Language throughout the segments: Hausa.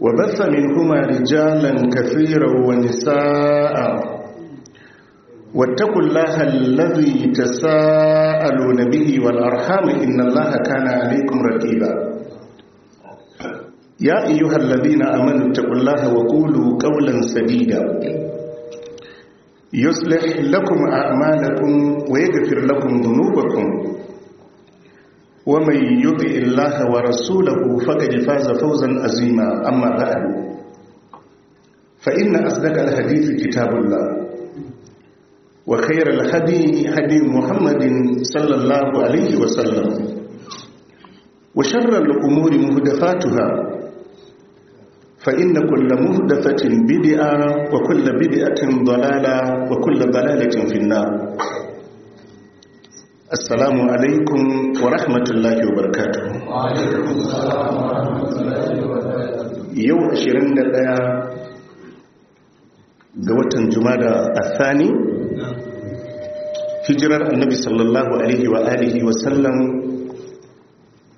وبث منهما رجالا كثيرا ونساء واتقوا الله الذي تساءلون به والأرحام إن الله كان عليكم رقيبا يا أيها الذين أمنوا اتقوا الله وقولوا قولا سديدا يصلح لكم أعمالكم ويغفر لكم ذنوبكم ومن يطع الله ورسوله فقد فاز فوزا عظيما اما بعد فان اصدق الحديث كتاب الله وخير الهدي هدي محمد صلى الله عليه وسلم وشر الامور محدثاتها فان كل محدثه بدعه وكل بدعه ضلاله وكل ضلاله في النار assalamu alaikum wa rahmatullahi wa barakatuhu yau 21 ga watan jumada athani hijirar annabi sallallahu alaihi wa alihi wa sallam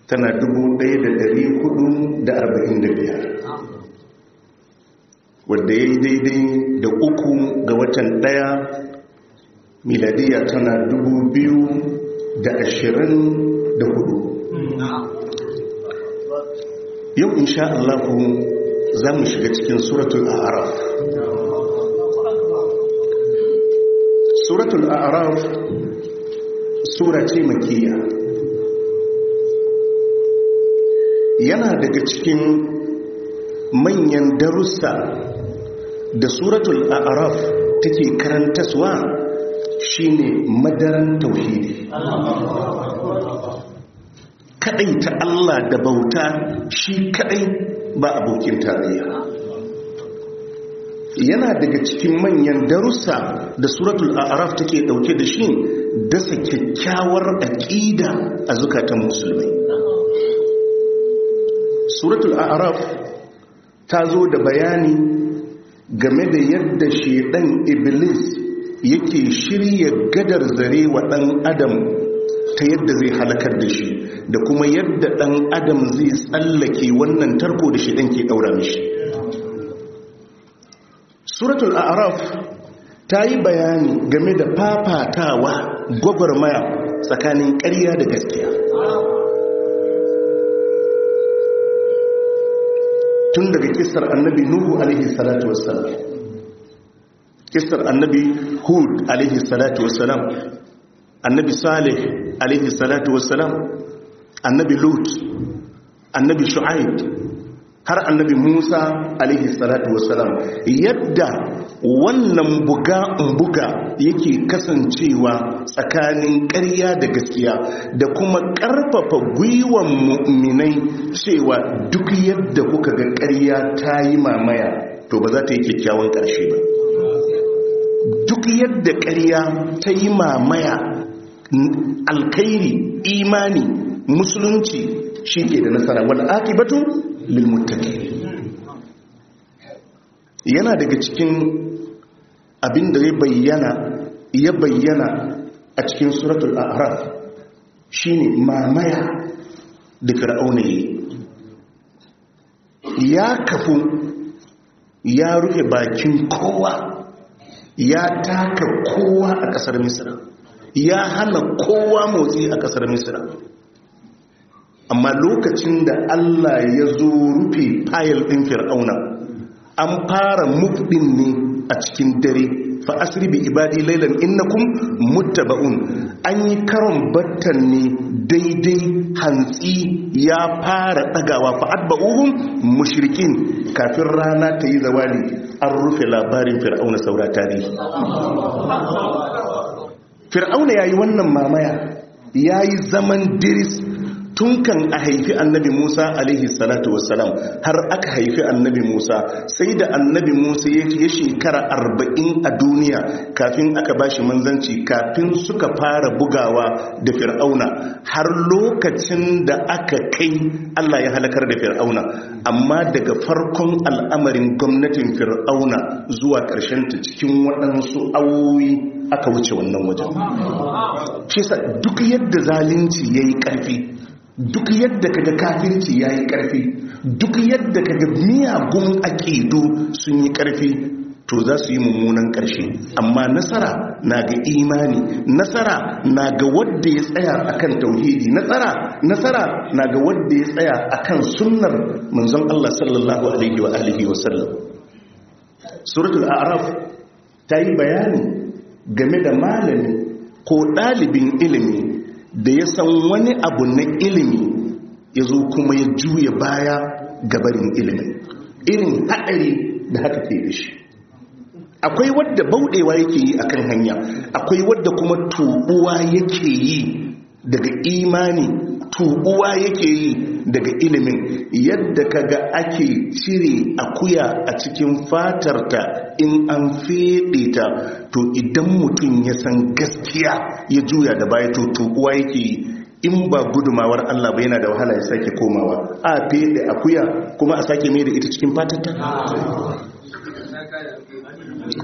tana 1445 wanda yayi daidai da uku ga watan daya miladiya tana dubu biyu da ashirin da hudu yau insha Allah za mu shiga cikin suratul aaraf suratul aaraf sura ce makiya yana daga cikin manyan darussa da suratul a'raf take karantaswa shine madaran tauhidi kaɗai ta Allah da bauta shi kaɗai ba abokin tarayya yana daga cikin manyan darussa da suratul a'raf take ɗauke da shi dasa kyakkyawar aƙida a zukatan musulmai suratul a'raf ta zo da bayani game da yadda shedan iblis yake shirya gadar zare wa ɗan adam ta yadda zai halakar da shi da kuma yadda ɗan adam zai tsallake wannan tarko da shi ɗan ke ɗaura mishi suratul araf ta yi bayani game da fafatawa gwagwarmaya tsakanin ƙarya da gaskiya tun daga kisar annabi nuhu alaihi salatu kistar annabi hud alaihi salatu wasalam annabi salih alaihi salatu wasalam annabi lut annabi shu'aib har annabi musa alaihi salatu wasalam yadda wannan buga buga yake kasancewa tsakanin ƙarya da gaskiya da kuma ƙarfafa gwiwon mu'minai cewa duk yadda kuka ga ƙarya ta yi mamaya to ba za ta yi kyakkyawan ƙarshe ba duk yadda ƙarya ta yi mamaya alkairi imani musulunci shi ke da nasara wal batu lilmuttaki yana daga cikin abin da ya bayyana a cikin suratul araf shine mamaya da fir'auna yi ya kafu ya rufe bakin kowa ya taka kowa a kasar misira ya hana kowa motsi a kasar misira amma lokacin da allah ya zo rufe fayil ɗin fir'auna an fara mubɗin ne a cikin dare fa asiri bi ibadi lailan innakum muttaba'un an yi karon battan ne daidai hantsi ya fara ɗagawa fa adba'uhum mushrikin kafin rana ta yi zawali an rufe labarin fir'auna saura tarihi fir'auna ya yi wannan mamaya ya yi zaman diris tun kan a haifi annabi musa alaihi salatu wasalam har aka haifi annabi musa sai da annabi musa ya shekara arba'in a duniya kafin aka bashi manzanci kafin suka fara bugawa da fir'auna har lokacin da aka kai allah ya halakar da fir'auna amma daga farkon al'amarin gwamnatin fir'auna zuwa ta cikin waɗansu awoyi aka wuce wannan wajen shi duk yadda zalunci ya yi ƙarfi duk yadda ka kaga kafirci ya yi ƙarfi duk yadda ka kaga miyagun aƙidu sun yi ƙarfi to za su yi mummunan ƙarshe amma nasara na ga imani nasara na ga wadda ya tsaya akan tauhidi nasara nasara na ga wadda ya tsaya a akan sunnar manzon Allah sallallahu alaihi wa Alaihi wa sallam suratul a'raf ta yi bayani game da malami ko ɗalibin ilimi da ya san wani abu na ilimi ya zo kuma ya juya baya gabarin ilimi, irin haɗari da haka ke da shi akwai wadda bauɗewa yake yi a kan hanya akwai wadda kuma tobuwa yake yi daga imani tubuwa yake yi daga ilimin yadda ka ga ake cire akuya a cikin fatarta in an feɗe ta to idan mutum ya san gaskiya ya juya da baya to tubuwa yake yi in ba gudumawar Allah ba yana da wahala ya sake komawa a feɗe akuya kuma a sake mai da ita cikin fatarta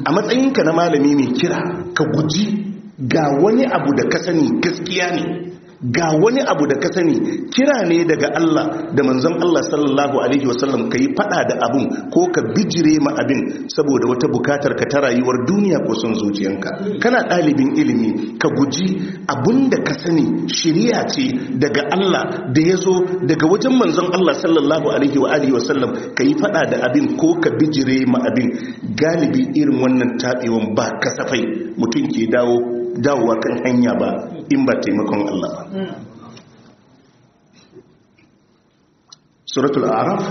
a matsayinka na malami mai kira ka guji ga wani abu da ka sani gaskiya ne ga wani abu da ka sani kira ne daga Allah da manzon Allah sallallahu alaihi wasallam ka yi fada da abin ko ka bijire ma abin saboda wata bukatar ka ta rayuwar duniya ko son zuciyanka kana ɗalibin ilimi ka guji abin da ka sani shiriya ce daga Allah da ya zo daga wajen manzon Allah sallallahu alaihi wa alihi wasallam ka yi fada da abin ko ka bijire ma abin galibi irin wannan taɓewan ba kasafai mutum ke dawo dawowa kan hanya ba in ba taimakon Allah ba hmm. suratul araf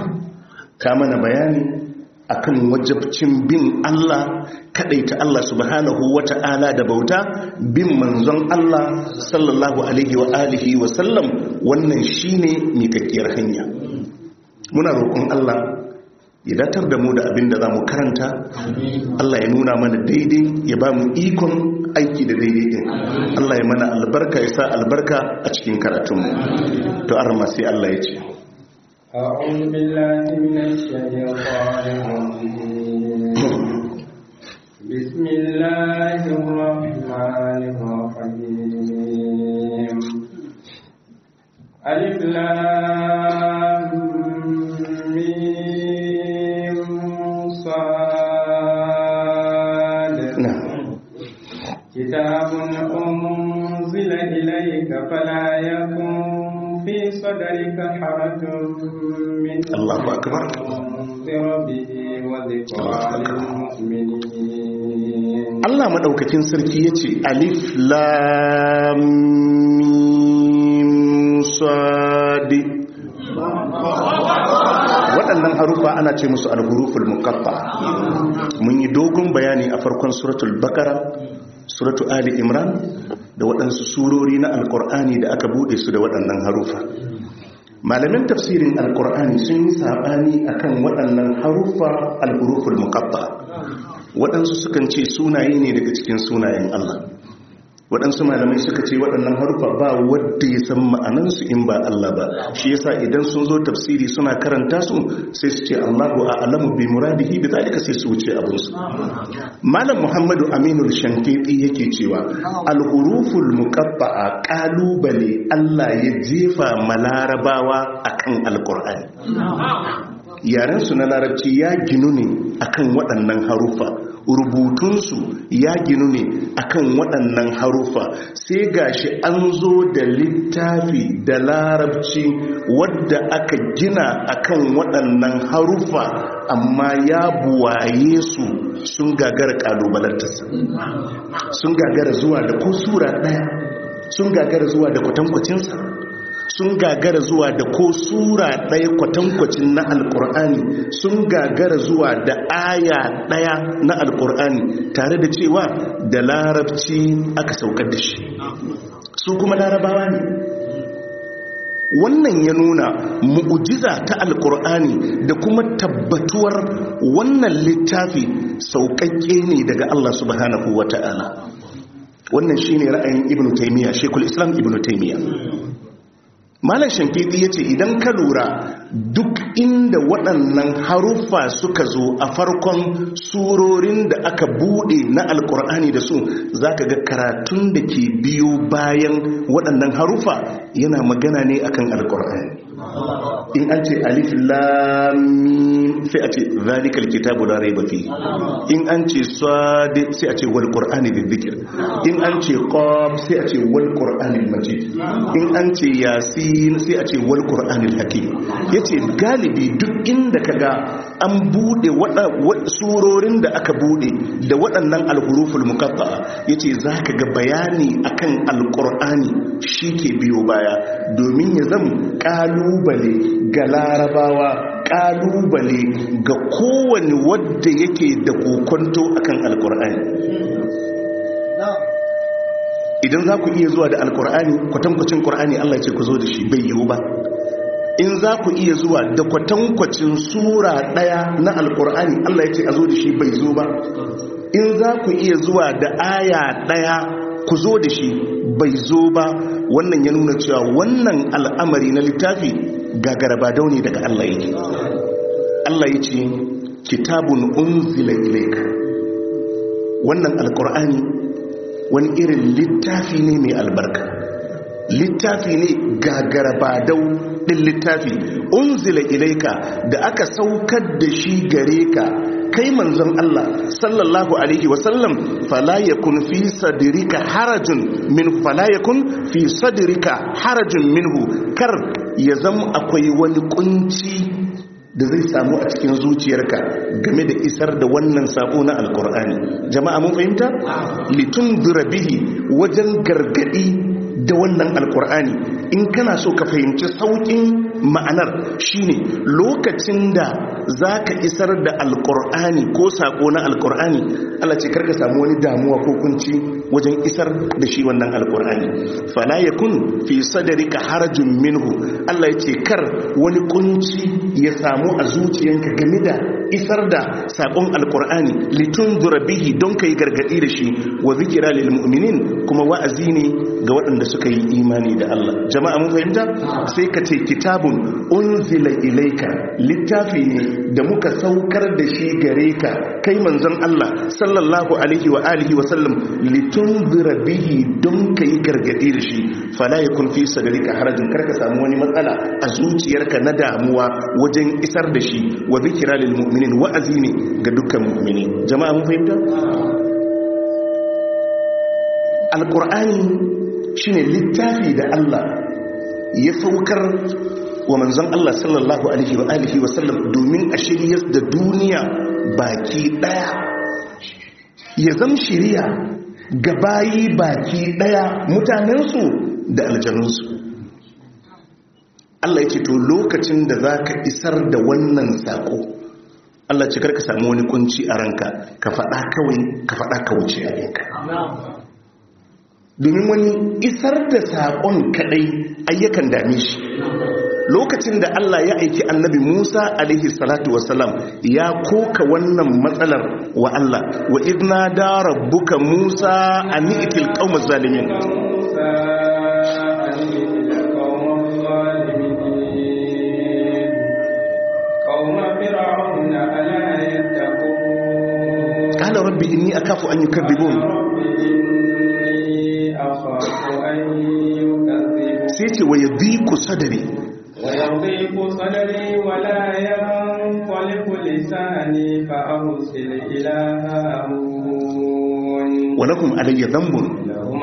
ta mana bayani akan wajabcin bin Allah ta Allah subhanahu wata'ala da bauta bin manzon Allah sallallahu alaihi wa alihi wa sallam wannan shine mikakkiyar hanya muna roƙon Allah ya datar da mu da abin da za mu karanta Allah ya nuna mana daidai ya ba mu ikon aiki da daidai din Allah ya mana albarka ya sa albarka a cikin karatun mu to ma sai Allah ya ce a'udhu billahi minash shaytanir rajim bismillahir rahmanir rahim alif lam صدرك حرج من الله أكبر به وذكرى للمؤمنين الله مدوكتين سركيتي ألف لام waɗannan harufa ana ce musu alhuruful muqatta mun yi dogon bayani a farkon suratul bakara suratu ali imran da waɗansu surori na alkur'ani da aka buɗe su da waɗannan harufa malamin tafsirin alkur'ani sun yi saɓani akan waɗannan haruffa alhuruful muqatta waɗansu sukan ce sunaye ne daga cikin sunayen Allah waɗansu malamai suka ce waɗannan haruffa ba wadda ya san ma'anansu in ba Allah ba shi yasa idan sun zo tafsiri suna karanta su sai su ce Allahu a'lamu bi muradihi bi zalika sai su wuce abin su malam Muhammadu Aminu Shankiti yake cewa al-huruful muqatta'a ƙalubale Allah ya jefa malarabawa akan alqur'ani yaren su na larabci ya ginu ne akan waɗannan haruffa. rubutunsu ya ginu ne akan waɗannan harufa sai gashi an zo da littafi da larabci wadda aka gina akan waɗannan harufa amma ya buwaye su sun gagara kalubalantarsa sun gagara zuwa da ko sura ɗaya sun gagara zuwa da kwatankwacinsa sun gagara zuwa da ko sura ɗaya kwatankwacin na alkur'ani sun gagara zuwa da aya ɗaya na alkur'ani tare da cewa da larabci aka saukar da shi su kuma larabawa ne wannan ya nuna mu'ujiza ta alkur'ani da kuma tabbatuwar wannan littafi saukakke ne daga allah subhanahu wata'ala wannan shine ra'ayin Ibn taimiyya shekul islam Ibn taimiyya malar shimfiɗi ya ce idan ka lura duk inda waɗannan haruffa suka zo a farkon surorin da aka buɗe na alkur'ani da su za ka ga karatun da ke biyu bayan waɗannan haruffa yana magana ne akan alkur'ani in an ce alif lamin sai a ce zalikal kitabu la raiba fi in an ce sad sai a ce wal qur'ani bi in an ce qaf sai a ce wal qur'ani majid in an ce yasin sai a ce wal qur'ani hakim yace galibi duk inda kaga an bude surorin da aka bude da waɗannan alhuruful muqatta'a yace zaka ga bayani akan alqur'ani shike biyo baya domin ya zama kalu Kalubale ga larabawa kalubale ga kowane wadda yake da kokonto akan alkur'ani idan za ku iya zuwa da alkur'ani kwatankwacin kur'ani allah ce ku zo da shi bai yiwu ba in za ku iya zuwa da kwatankwacin sura ɗaya na alkur'ani allah ya ce a zo da shi bai zo ba in za ku iya zuwa da aya ɗaya ku zo da shi bai zo ba wannan ya nuna cewa wannan al'amari na littafi gagaraba daune daga Allah yake Allah ya ce kitabun unzila ilaika wannan alqur'ani wani irin littafi ne mai albarka littafi ne gagaraba dau din littafi unzila ilaika da aka saukar da shi gare ka kai manzon Allah sallallahu alaihi wasallam fala yakun fi sadrika harajun min fala yakun fi sadrika harajun minhu kar ya zama akwai wani kunci da zai samu a cikin zuciyarka game da isar da wannan sako na alkur'ani jama'a mun fahimta litun bihi wajen gargadi da wannan alkur'ani in kana so ka fahimci saukin ma'anar shine lokacin da za ka isar da alkur'ani ko saƙo na alkur'ani Allah ce karka samu wani damuwa ko kunci wajen isar da shi wannan alkur'ani fala kun fi ka harajin minhu Allah ya kar wani kunci ya samu a zuciyanka game da isar da sakon alkur'ani litun zurabihi don kai gargadi da shi wa zikira lil mu'minin kuma wa'azi ne ga waɗanda suka yi imani da Allah jama'a mun fahimta sai ka ce kitabun unzila ilaika littafi ne da muka saukar da shi gare ka kai manzon Allah sallallahu alaihi wa alihi wa sallam litun zurabihi don kai gargadi da shi fala yakun fi sadrika harajin karka samu wani matsala a zuciyarka na damuwa wajen isar da shi wa zikira lil mu'minin mu'minin wa'azi ne ga dukkan mu'mini jama'a mun fahimta alqur'ani shine littafi da Allah ya saukar wa manzon Allah sallallahu alaihi wa alihi wa sallam domin a shiryar da duniya baki daya ya zam shiriya ga bayi baki daya mutanensu da aljanunsu Allah yake to lokacin da zaka isar da wannan sako Allah ce karka samu wani kunci a ranka ka faɗa kawai ka faɗa ka wuce ranka domin wani isar da saƙon kaɗai ayyakan dame shi lokacin da Allah ya aiki annabi Musa alaihi salatu wasalam ya koka wannan matsalar wa Allah wa idna da rabbuka Musa a ni'itil qaumaz zalimin inni akafu an yukadhibun sai ce wa yadhiqu sadri wa yadhiqu sadri wa la yanqalibu lisani fa awsil wa lakum alayya dhanbun lahum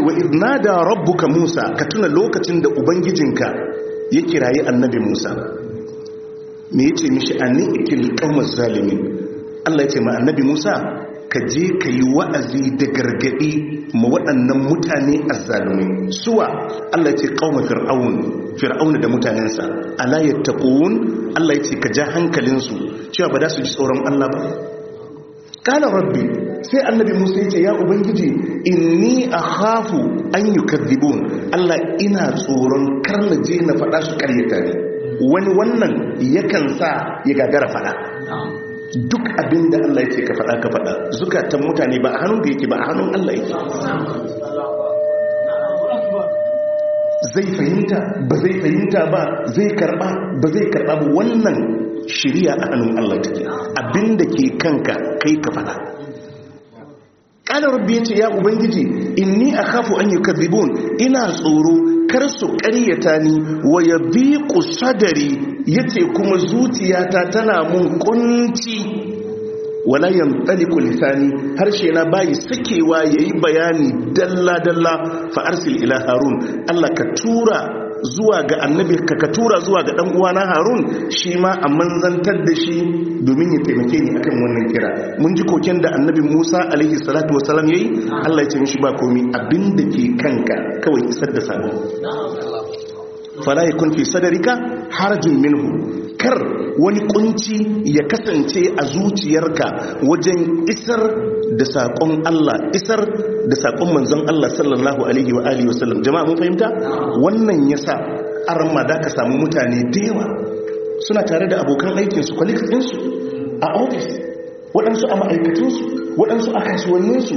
wa idnada rabbuka Musa ka tuna lokacin da ubangijinka ya kirayi annabi Musa me ce mishi ni ikil qaumaz zalimin Allah ya ce ma annabi Musa ka je ka yi wa'azi da gargaɗi ma waɗannan mutane a azzalumai suwa Allah ce qauma fir'aun fir'auna da mutanensa ala yattaqun Allah yace ka ja hankalinsu cewa ba za su ji tsoron Allah ba kala rabbi sai annabi musa ya ce ya ubangiji a hafu an yukaththibun Allah ina tsoron kar na je na faɗa su karyata ne wani wannan yakan sa ya gagara fada duk abin da Allah yake ka fada ka fada zukatan mutane ba a hannun da yake ba a hannun Allah yake zai fahimta ba zai fahimta ba zai karba ba zai karba ba wannan shirya a hannun Allah take abinda ke kanka kai ka fada ƙalar rabbi ya ce ya ubangiji inni a akhafu an yukadhibun ina tsoro kar su ƙaryata ni wa ya bi ku sadari ya ce kuma zuciyata tana mun kunci wala yantaliku lisani harshe na bayi sakewa yayi bayani dalla dalla fa arsil ila harun Allah ka tura zuwa ga annabi ka tura zuwa ga dan uwana harun shi ma a manzantar da shi domin ya taimake ni akan wannan kira mun ji koken da annabi Musa alaihi salatu wa salam yayi Allah ya ce mishi ba komi abin da ke kanka kawai isar da sako fala yakun fi sadrika harajun minhu kar wani kunci ya kasance a zuciyarka wajen isar da saƙon Allah isar da saƙon manzon Allah sallallahu alaihi wa alihi sallam jama'a mun fahimta wannan yasa armada ka samu mutane da yawa suna tare da abokan aikinsu kwalikinsu a ofis waɗansu a ma'aikatunsu waɗansu a kasuwanninsu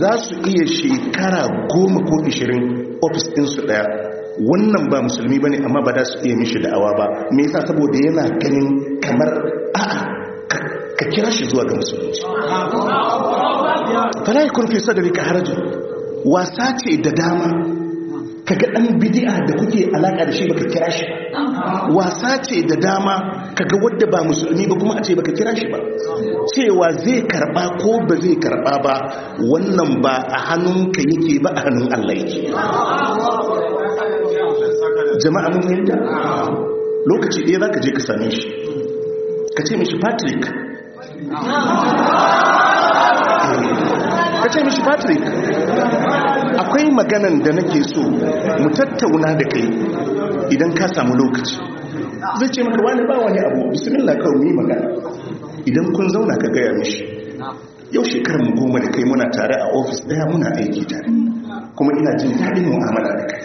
za su iya shekara goma ko ishirin ofis ɗinsu ɗaya wannan ba musulmi ba ne amma ba za su iya mishi da'awa ba me yasa saboda yana ganin kamar a'a ka kira shi zuwa ga musulunci fara yi kurfi sadari ka harajin wasa ce da dama kaga dan bid'a da kuke alaka da shi baka kira shi wasa ce da dama kaga wadda ba musulmi ba kuma a ce baka kira shi ba cewa zai karba ko ba zai karba ba wannan ba a hannunka yake ba a hannun Allah yake jama'a mun yarda lokaci ɗaya zaka je ka same shi ka ce mishi Patrick eh, ka ce mishi Patrick akwai maganan da nake so mu tattauna da kai idan ka samu lokaci zai ce maka wani ba wani abu bismillah ka mu yi magana idan kun zauna ka gaya mishi yau shekarar mu goma da kai muna tare a ofis daya muna aiki tare kuma ina jin daɗin mu'amala da kai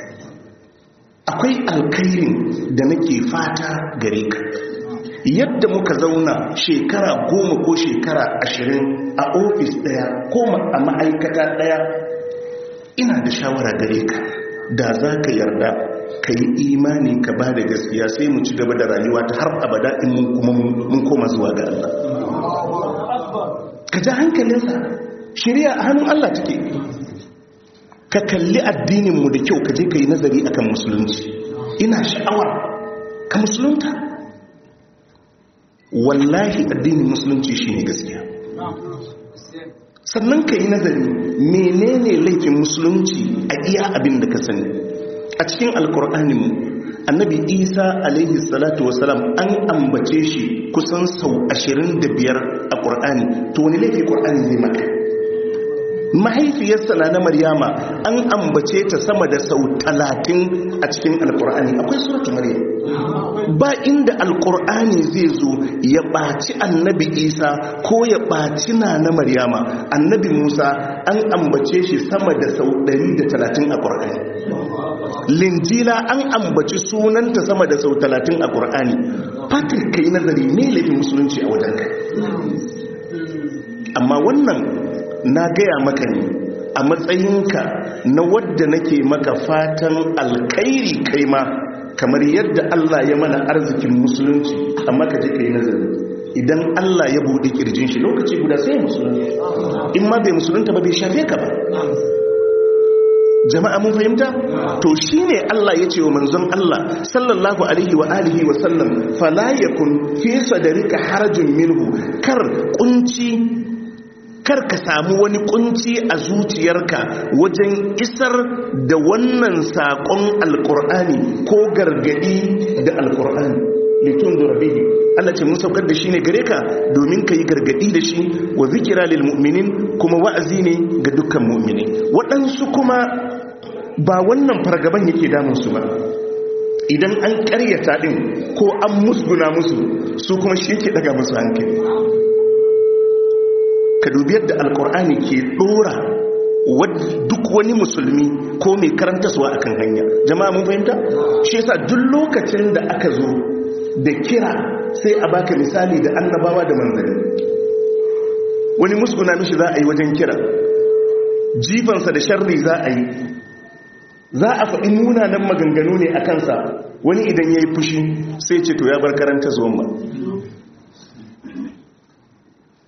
akwai alkhairin da nake fata gare ka yadda muka zauna shekara goma ko shekara ashirin a ofis daya ko a ma'aikata daya ina da shawara gare ka da za ka yarda ka yi imani ka ba da gaskiya sai mu ci gaba da rayuwa ta har abada in mun koma zuwa ga Allah ka ji hankalinsa shirya a hannun Allah take ka kalli addininmu da kyau ka je ka yi nazari akan musulunci ina sha'awar ka musulunta wallahi addinin musulunci shi ne gaskiya sannan ka yi nazari menene laifin musulunci a iya abin da ka sani a cikin alkur'anin annabi isa alaihi salatu wasalam an ambace shi kusan sau 25 a ƙur'ani to wani laifin ƙur'ani zai maka mahaifiyarsa na na maryama an ambace ta sama da sau talatin a cikin alkur'ani akwai suratu maryam ba inda alkur'ani zai zo ya ɓaci annabi isa ko ya ɓaci na na maryama annabi musa an ambace shi sama da sau ɗari da talatin a ƙur'ani linjila an ambaci sunanta sama da sau talatin a ƙur'ani patrick kai nazari ne laifin musulunci a wajen kai amma wannan na gaya maka ne a matsayinka na wadda nake maka fatan alkairi kai ma kamar yadda Allah ya mana arzikin musulunci amma ka je ka yi nazari idan Allah ya buɗe kirjin shi lokaci guda sai musulunci in ma bai musulunta ba bai shafe ka ba jama'a mun fahimta to shine Allah ya ce wa manzon Allah sallallahu alaihi wa alihi wa sallam fala yakun fi sadrika harajun minhu kar kunci kar ka samu wani kunci a zuciyarka wajen isar da wannan saƙon alƙur'ani ko gargaɗi da alƙur'ani litun durabihi Allah ce mun saukar da shi ne gare ka domin ka yi gargadi da shi wa zikira lil mu'minin kuma wa'azi ne ga dukkan mu'mini waɗansu kuma ba wannan fargaban yake damun su ba idan an ƙaryata ɗin ko an musguna musu su kuma shi yake ɗaga musu hankali ka dubi yadda alkur'ani ke dora duk wani musulmi ko mai karantaswa kan hanya jama'a mun fahimta shi yasa duk lokacin da aka zo da kira sai a baka misali da annabawa da manzari wani musguna mishi za a yi wajen kira jifansa da sharri za a yi za a faɗi munanan maganganu ne a kansa wani idan ya yi fushi sai ce to ya bar karanta zuwan ba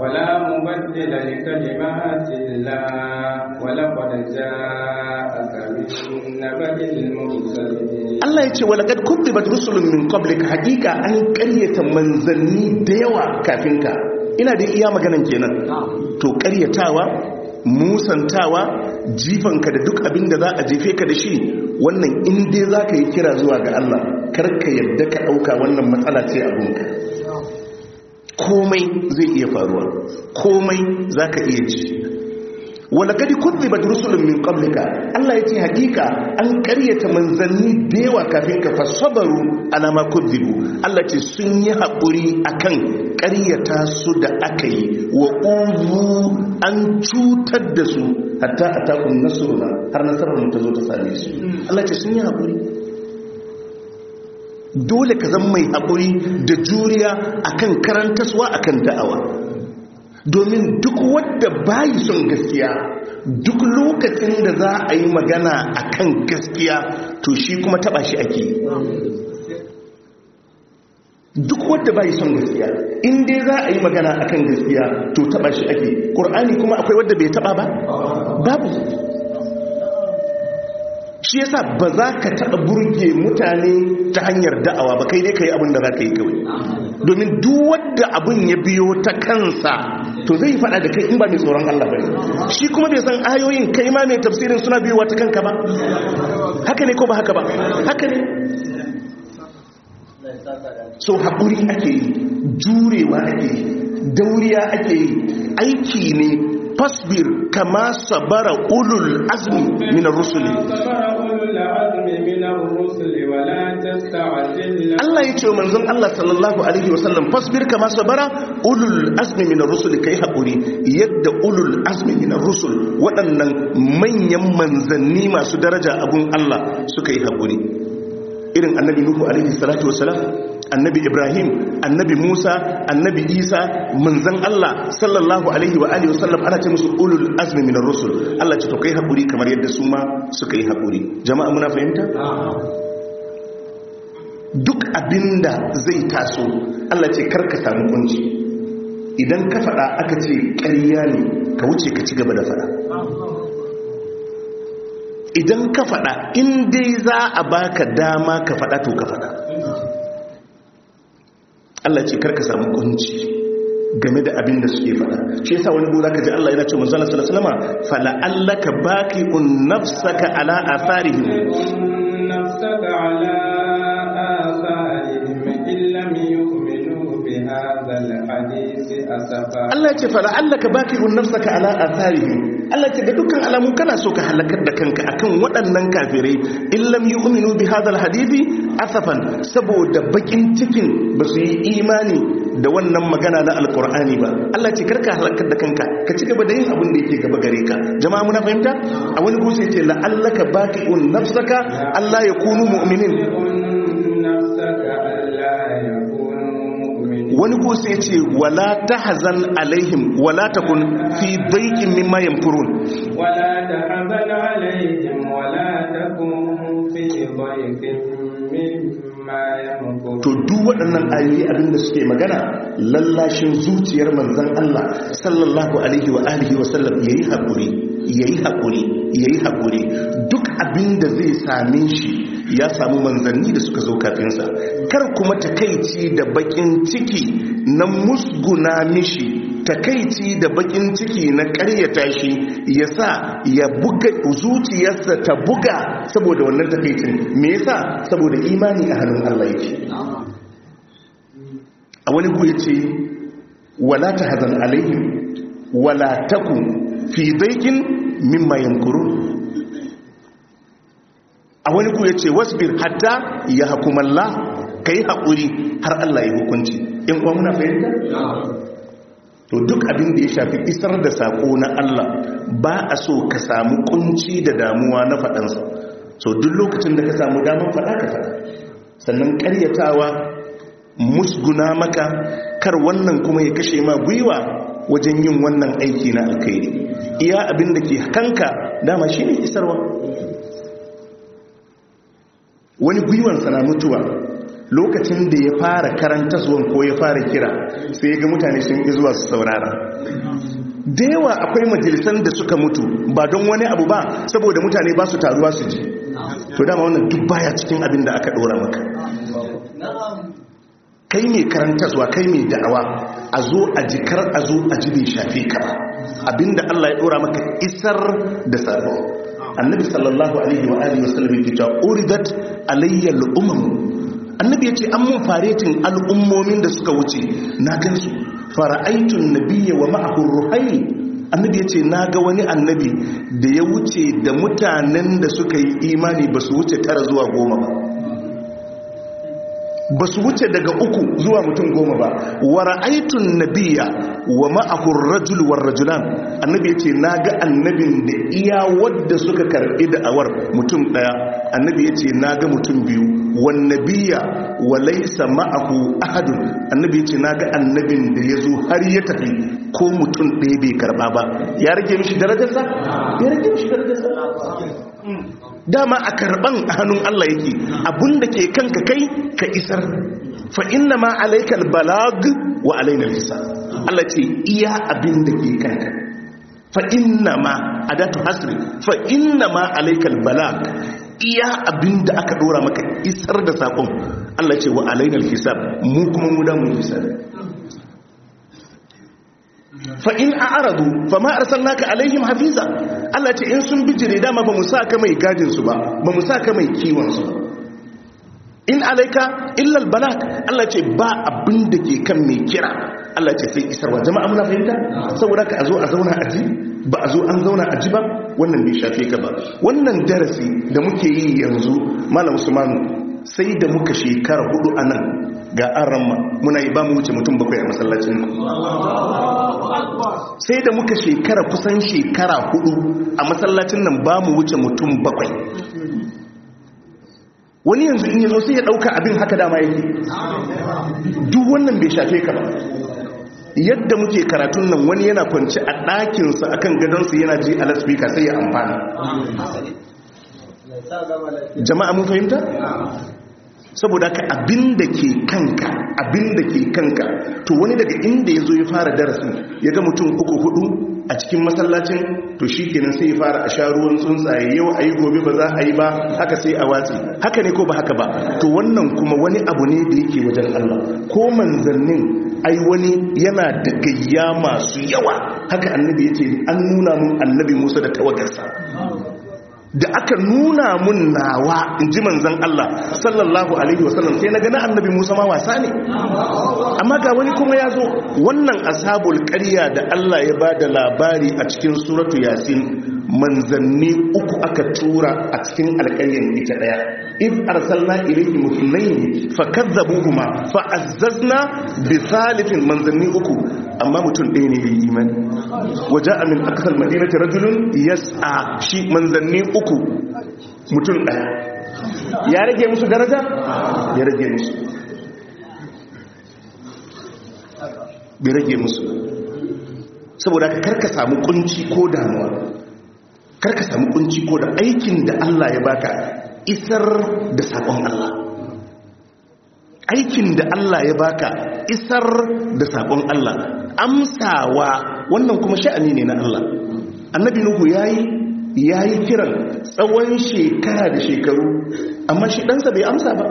ولا مبدل لكلمات الله ولقد جاءك من نبأ المرسلين الله يجي ولقد كذبت رسل من an حقيقة أن da yawa kafin ka, ina da iya maganan kenan to karyatawa musantawa jifanka da duk abin da za a jefe ka da shi wannan inda za ka yi kira zuwa ga Allah kar ka yarda ka ɗauka wannan matsala ce gunka komai zai iya faruwa komai za ka iya ci walakadi ba rusulun min kwamlika Allah ya ce hakika an karyata manzanni da kafin ka fasabaru alama ma Allah ce sun yi haƙuri a kan karyata su da aka yi wa ƙungu an cutar da su hatta takun nasuruna har nasarar mu ta zo ta same su hmm. Allah ce sun yi haƙuri. dole ka zama mai haƙuri da juriya akan karantaswa akan da'awa domin duk wadda bayi son gaskiya duk lokacin da za a yi magana akan gaskiya to shi kuma taɓa shi ake duk wadda bayi son gaskiya in dai za a yi magana akan gaskiya to taba shi ake ƙur'ani kuma akwai wadda bai taba ba babu shi yasa ba za ka taɓa burge mutane ta hanyar da'awa ba kai dai ka yi abin da za ka yi kawai domin duwadda abin ya biyo ta kansa to zai yi faɗa da kai in ba mai tsoron Allah ba shi kuma bai san ayoyin kai ma mai tafsirin suna biyowa ta kanka ba haka ne ko ba haka ba haka ne so haƙuri ake yi jurewa ake yi dauriya ake yi aiki ne fasbir kama sabara ulul azmi min ar-rusuli Allah ya ce wa manzon Allah sallallahu alaihi wasallam fasbir kama sabara ulul azmi min ar-rusuli kai hakuri yadda ulul azmi min ar-rusul waɗannan manyan manzanni masu daraja abun Allah suka yi hakuri irin annabi nuhu alaihi salatu wasalam annabi ibrahim annabi musa annabi isa manzan allah sallallahu alaihi wa alihi wasallam ana ce musu ulul azmi minar rusul allah ce to kai haƙuri kamar yadda su ma suka yi hakuri. jama'a muna fahimta duk abinda zai taso allah ce karka samu kunci idan ka faɗa aka ce ƙarya ne ka wuce ka ci gaba da faɗa idan ka faɗa in dai za a baka dama ka faɗa to ka faɗa Allah ce karka samu kunci game da abin da suke faɗa shi yasa wani gura ka ji Allah yana ce manzo sallallahu alaihi wasallam fala allaka baqi'un nafsaka ala atharihim nafsaka ala Allah ce fala baki bakihun nafsaka ala tarihi. Allah ce ga dukkan alamun kana so ka halakar da kanka akan waɗannan kafirai in lam yu'minu bi hadal alhadithi asafan saboda bakin cikin ba su yi imani da wannan magana na alkur'ani ba Allah ce karka halakar da kanka ka ci gaba da yin abin da yake gaba gare ka jama'a muna fahimta a wani gushi ce la'allaka baki bakihun nafsaka Allah kunu mu'minin wani ko sai ce wala hazan alaihim wala ta kun fi daikin mimma furun wala ta hazan alaihim wala ta kun fi daikin mimma furun to duk waɗannan ayoyi abinda suke magana lallashin zuciyar manzan Allah sallallahu alaihi wa alihi wa sallam yayi hakuri yayi hakuri yayi hakuri duk abinda zai same shi ya samu manzanni da suka zo kafinsa kar kuma takaici da bakin ciki na musguna mishi takaici da bakin ciki na karyata shi ya sa ya buga zuciyarsa ta buga saboda wannan takaicin me yasa saboda imani a hannun Allah yake a wani ku yace wala tahzan alaihim wala taku fi daikin mimma yankurun a wani ku ya ce wasbir hatta ya hakumallah ka yi haƙuri har Allah ya hukunci in kuwa muna fahimta? to duk abin da ya shafi isar da saƙo na Allah ba a so ka samu kunci da damuwa na faɗansa so duk lokacin da ka samu damar faɗa ka faɗa sannan ƙaryatawa musguna maka kar wannan kuma ya kashe ma gwiwa wajen yin wannan aiki na alkhairi iya abin da ke kanka dama shi ne isarwa wani gwiwansa na mutuwa lokacin da ya fara karanta zuwan ko ya fara kira sai ga mutane sun yi zuwa su saurara da yawa akwai majalisan da suka mutu ba don wani abu ba saboda mutane ba su taruwa su ji to dama wannan duk baya cikin abin da aka dora maka kai mai zuwa kai mai da'awa a zo a jikar a zo a ji bai shafe ka abinda Allah ya dora maka isar da sabo annabi sallallahu alaihi wa alihi wasallam yake cewa uridat alayya al umm annabi yace an mun faretin al'ummomin da suka wuce na gansu fara'aitu an-nabiyya wa ma'ahu ruhayni annabi yace na ga wani annabi da ya wuce da mutanen da suka yi imani ba su wuce tara zuwa goma ba ba su wuce daga uku zuwa mutum goma ba wa ra'aitun nabiya wa ma'ahu rajul war rajulan annabi yace naga annabin da iya wadda suka karɓi da awar mutum daya annabi na ga mutum biyu wa nabiya wa laisa ma'ahu ahadun annabi na ga annabin da ya zo har ya tafi ko mutum ɗaya bai karba ba ya rage mishi darajarsa ya rage mishi darajarsa hmm. dama a karban a hannun Allah yake abinda ke kanka kai ka isar fa inna ma alaikal balag wa alainal hisab Allah ce iya abinda ke kanka fa inna ma adatu hasri fa inna ma alaikal balag iya abinda aka dora maka isar da sakon Allah ce wa alainal hisab mu kuma mu da mu hisabi fa in a'radu fa ma arsalnaka alaihim hafiza Allah ce in sun bijire dama ba mu saka mai gadin su ba ba mu saka mai kiwon su in alaika illa albalak Allah ce ba abin da ke kan mai kira Allah ce sai isarwa jama'a muna fahimta saboda ka zo a zauna a ji ba a zo an zauna a ji ba wannan bai shafe ka ba wannan darasi da muke yi yanzu malam Usman sai da muka shekara hudu a nan ga aramma muna yi ba mu wuce mutum bakwai a masallacin sai da muka shekara kusan shekara hudu a masallacin nan ba mu wuce mutum bakwai wani yanzu in zo sai ya dauka abin haka dama yake duk wannan bai shafe ka ba yadda muke karatun nan wani yana kwanci a ɗakinsa kan gadonsa yana ji a laspika sai ya amfana jama'a mun fahimta saboda ka abin da ke kanka abin da ke kanka to wani daga inda ya zo ya fara darasin ya ga mutum uku hudu a cikin masallacin to shi kenan sai ya fara a sha ruwan tsuntsaye yau a yi gobe ba za a yi ba haka sai a watsi haka ne ko ba haka ba to wannan kuma wani abu ne da yake wajen Allah ko manzannin ai wani yana da gayya masu yawa haka annabi yace an nuna mun annabi Musa da tawagarsa da aka nuna mun nawa in ji manzan Allah sallallahu alaihi wasallam sai na gani annabi Musa ma wasa ne amma ga wani kuma ya zo wannan ashabul ƙarya da Allah ya ba da labari a cikin suratu yasin manzanni uku aka tura a cikin alƙaryar ita ɗaya in arsalna ilayhi mutlayn fa kadzabuhuma fa azzazna bi salifin manzanni uku amma mutum ɗaya ne bai imani waja'a min aksal madinati rajulun yas'a shi manzanni uku mutum ɗaya ya rage musu daraja ya rage musu bai rage musu saboda ka karka samu kunci ko damuwa karka samu kunci ko da aikin da Allah ya baka isar da sakon Allah aikin da Allah ya baka isar da sakon Allah amsawa wannan kuma sha'ani ne na Allah annabi nuhu yayi yayi kiran tsawon shekara da shekaru amma shi ɗansa bai amsa ba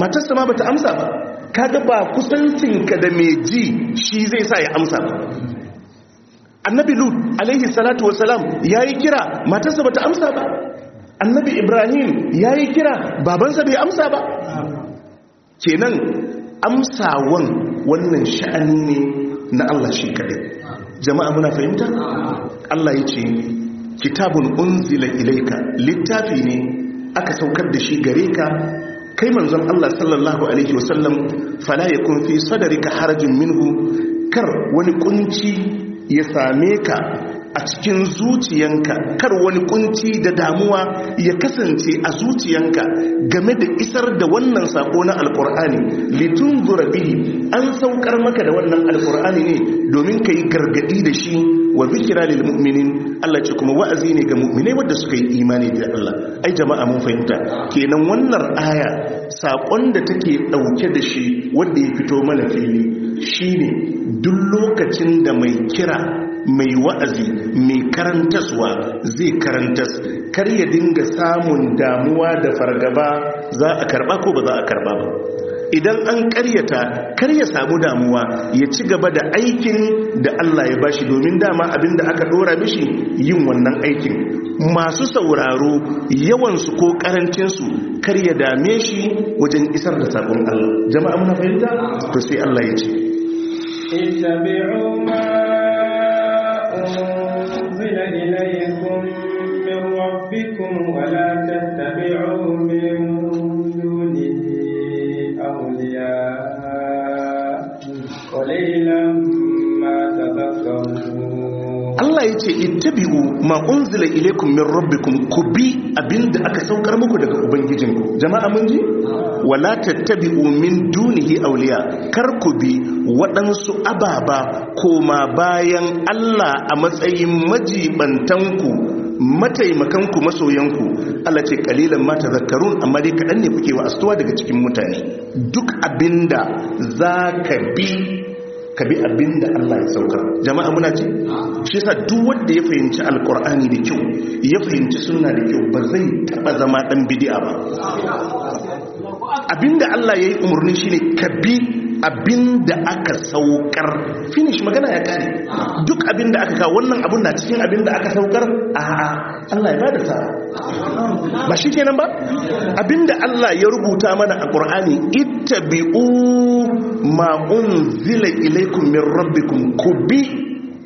matarsa ma bata amsa ba kaga ba kusancinka da mai ji shi zai sa ya amsa ba annabi lut alaihi salatu wasalam ya yi kira matarsa ba ta amsa ba annabi ibrahim ya yi kira babansa bai amsa ba kenan amsawan wannan sha'ani ne na allah shi kadai jama'a muna fahimta allah ya ce kitabun unzila ilaika littafi ne aka saukar da shi gare ka kai manzon Allah sallallahu alaihi wasallam fala kun fi sadarika harajin minhu kar wani kunci ya same ka a cikin zuciyanka kar wani kunci da damuwa ya kasance a zuciyanka game da isar da wannan sako na alkur'ani litun bihi an saukar maka da wannan alkur'ani ne domin ka yi gargadi da shi wa zikira lil mu'minin Allah ce kuma wa'azi ne ga mu'minai wadda suka yi imani da Allah ai jama'a mun fahimta kenan wannan aya sakon da take dauke da shi wanda ya fito mana fili Shi ne duk lokacin da mai kira mai wa'azi mai karantaswa zai karantas kar ya dinga samun damuwa da fargaba za a karba ko ba za a karba ba idan an karyata kar ya samu damuwa ya ci gaba da aikin da Allah ya bashi domin dama abin da aka dora mishi yin wannan aikin masu sauraro yawansu ko karancinsu kar ya dame shi wajen isar da sabon Allah jama'a muna fahimta to sai Allah ya ce Allah ya "Ittabi’u ma’un zila ilekun min rabbikum ku bi abinda aka saukar muku daga Ubangijinku, jama’a mun ji? Wala tattabi’u min dunihi auliya, kar ku bi waɗansu ababa koma bayan Allah a matsayin majibantanku mataimakanku masoyanku Allah ce kalilan ma zakarun amma dai kaɗan ne kuke wa'astuwa daga cikin mutane duk abinda za ka bi ka bi abinda Allah ya saukar jama'a muna ce shi sa duk wanda ya fahimci alkur'ani da kyau ya fahimci suna da kyau ba zai taba zama dan bid'a ba abinda Allah ya yi umarni shine ka bi abinda aka saukar finish magana ya kare duk abinda aka kawo wannan abun na cikin abinda aka saukar a Allah ya bada sa ba shi kenan ba abinda Allah ya rubuta mana a Qur'ani ittabi'u ma unzila ilaykum min rabbikum kubi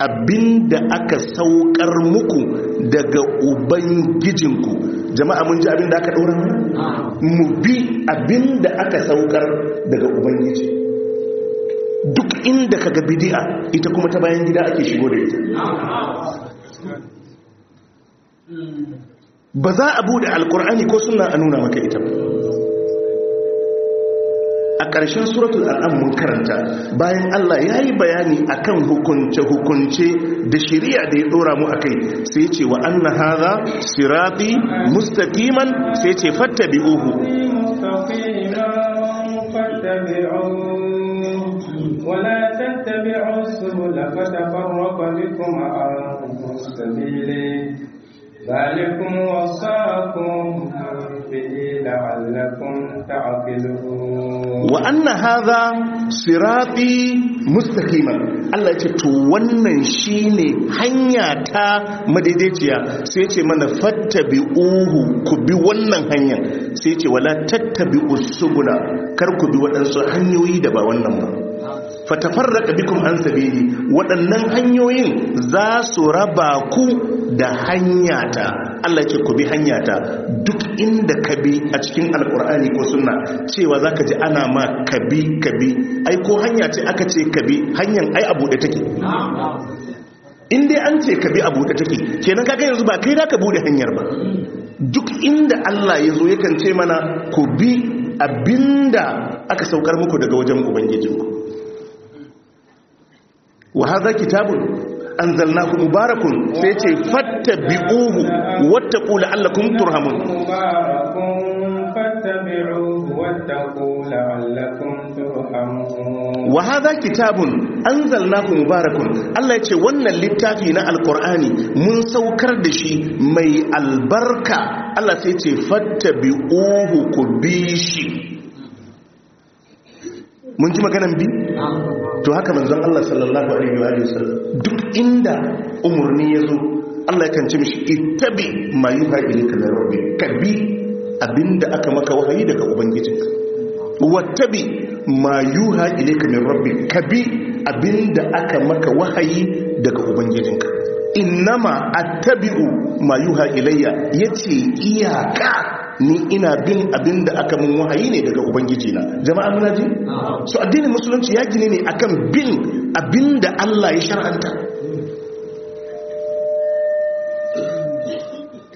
abinda aka saukar muku daga ubangijinku jama'a mun ji abinda aka ɗora mu bi abinda aka saukar daga ubangiji duk inda ka ga bidi'a ita kuma ta bayan gida ake shigo da ita ba za a bude alkur'ani ko suna a nuna maka ita a ƙarshen suratul al'am mun karanta bayan Allah ya yi bayani a kan hukunce-hukunce da shirya da ya ɗora mu a kai sai ce wa an na haza sirati mustaqiman sai ce fatta bi uhu. ولا تتبعوا السبل فتفرق بكم عن سبيله ذلكم وصاكم به لعلكم تعقلون وأن هذا صراطي مستقيما Allah ce to wannan shi ne hanya ta madaidaiciya sai ce mana uhu ku bi wannan hanyar sai ce wala tattabi'us usubula, kar ku bi waɗansu hanyoyi da ba wannan ba fatafarraka bikum an sabili waɗannan hanyoyin za su raba ku da hanyata Allah ke ku bi hanyata duk inda ka bi a cikin alkur'ani ko suna cewa za ka ji ana ma kabi kabi ai ko hanya ce aka ce kabi hanyar ai abu da take in dai an ce kabi abu da take kenan kaga yanzu ba kai zaka bude hanyar ba duk inda Allah ya zo yakan ce mana ku bi abinda aka saukar muku daga wajen ubangijinku wa hadha kitabun anzalnahu mubarakun sai ce fattabi'uhu wattaqu la'allakum turhamun wa hadha kitabun anzalnahu mubarakun Allah ya ce wannan littafi na alqur'ani mun saukar da shi mai albarka Allah sai ce fattabi'uhu kubishi mun ji maganan bi to haka manzon Allah sallallahu alaihi wa alihi duk inda umurni yazo Allah yakan ce mishi ittabi ma yuha ilayka min rabbik kabi abinda aka maka wahayi daga ubangijinka wattabi ma yuha ilayka min rabbik kabi abinda aka maka wahayi daga ubangijinka innama attabi'u ma yuha ilayya yace iyaka ni ina bin abin da aka mun wahayi ne daga ubangiji na jama'a muna ji so addinin musulunci ya gine ne akan bin abin da Allah ya shar'anta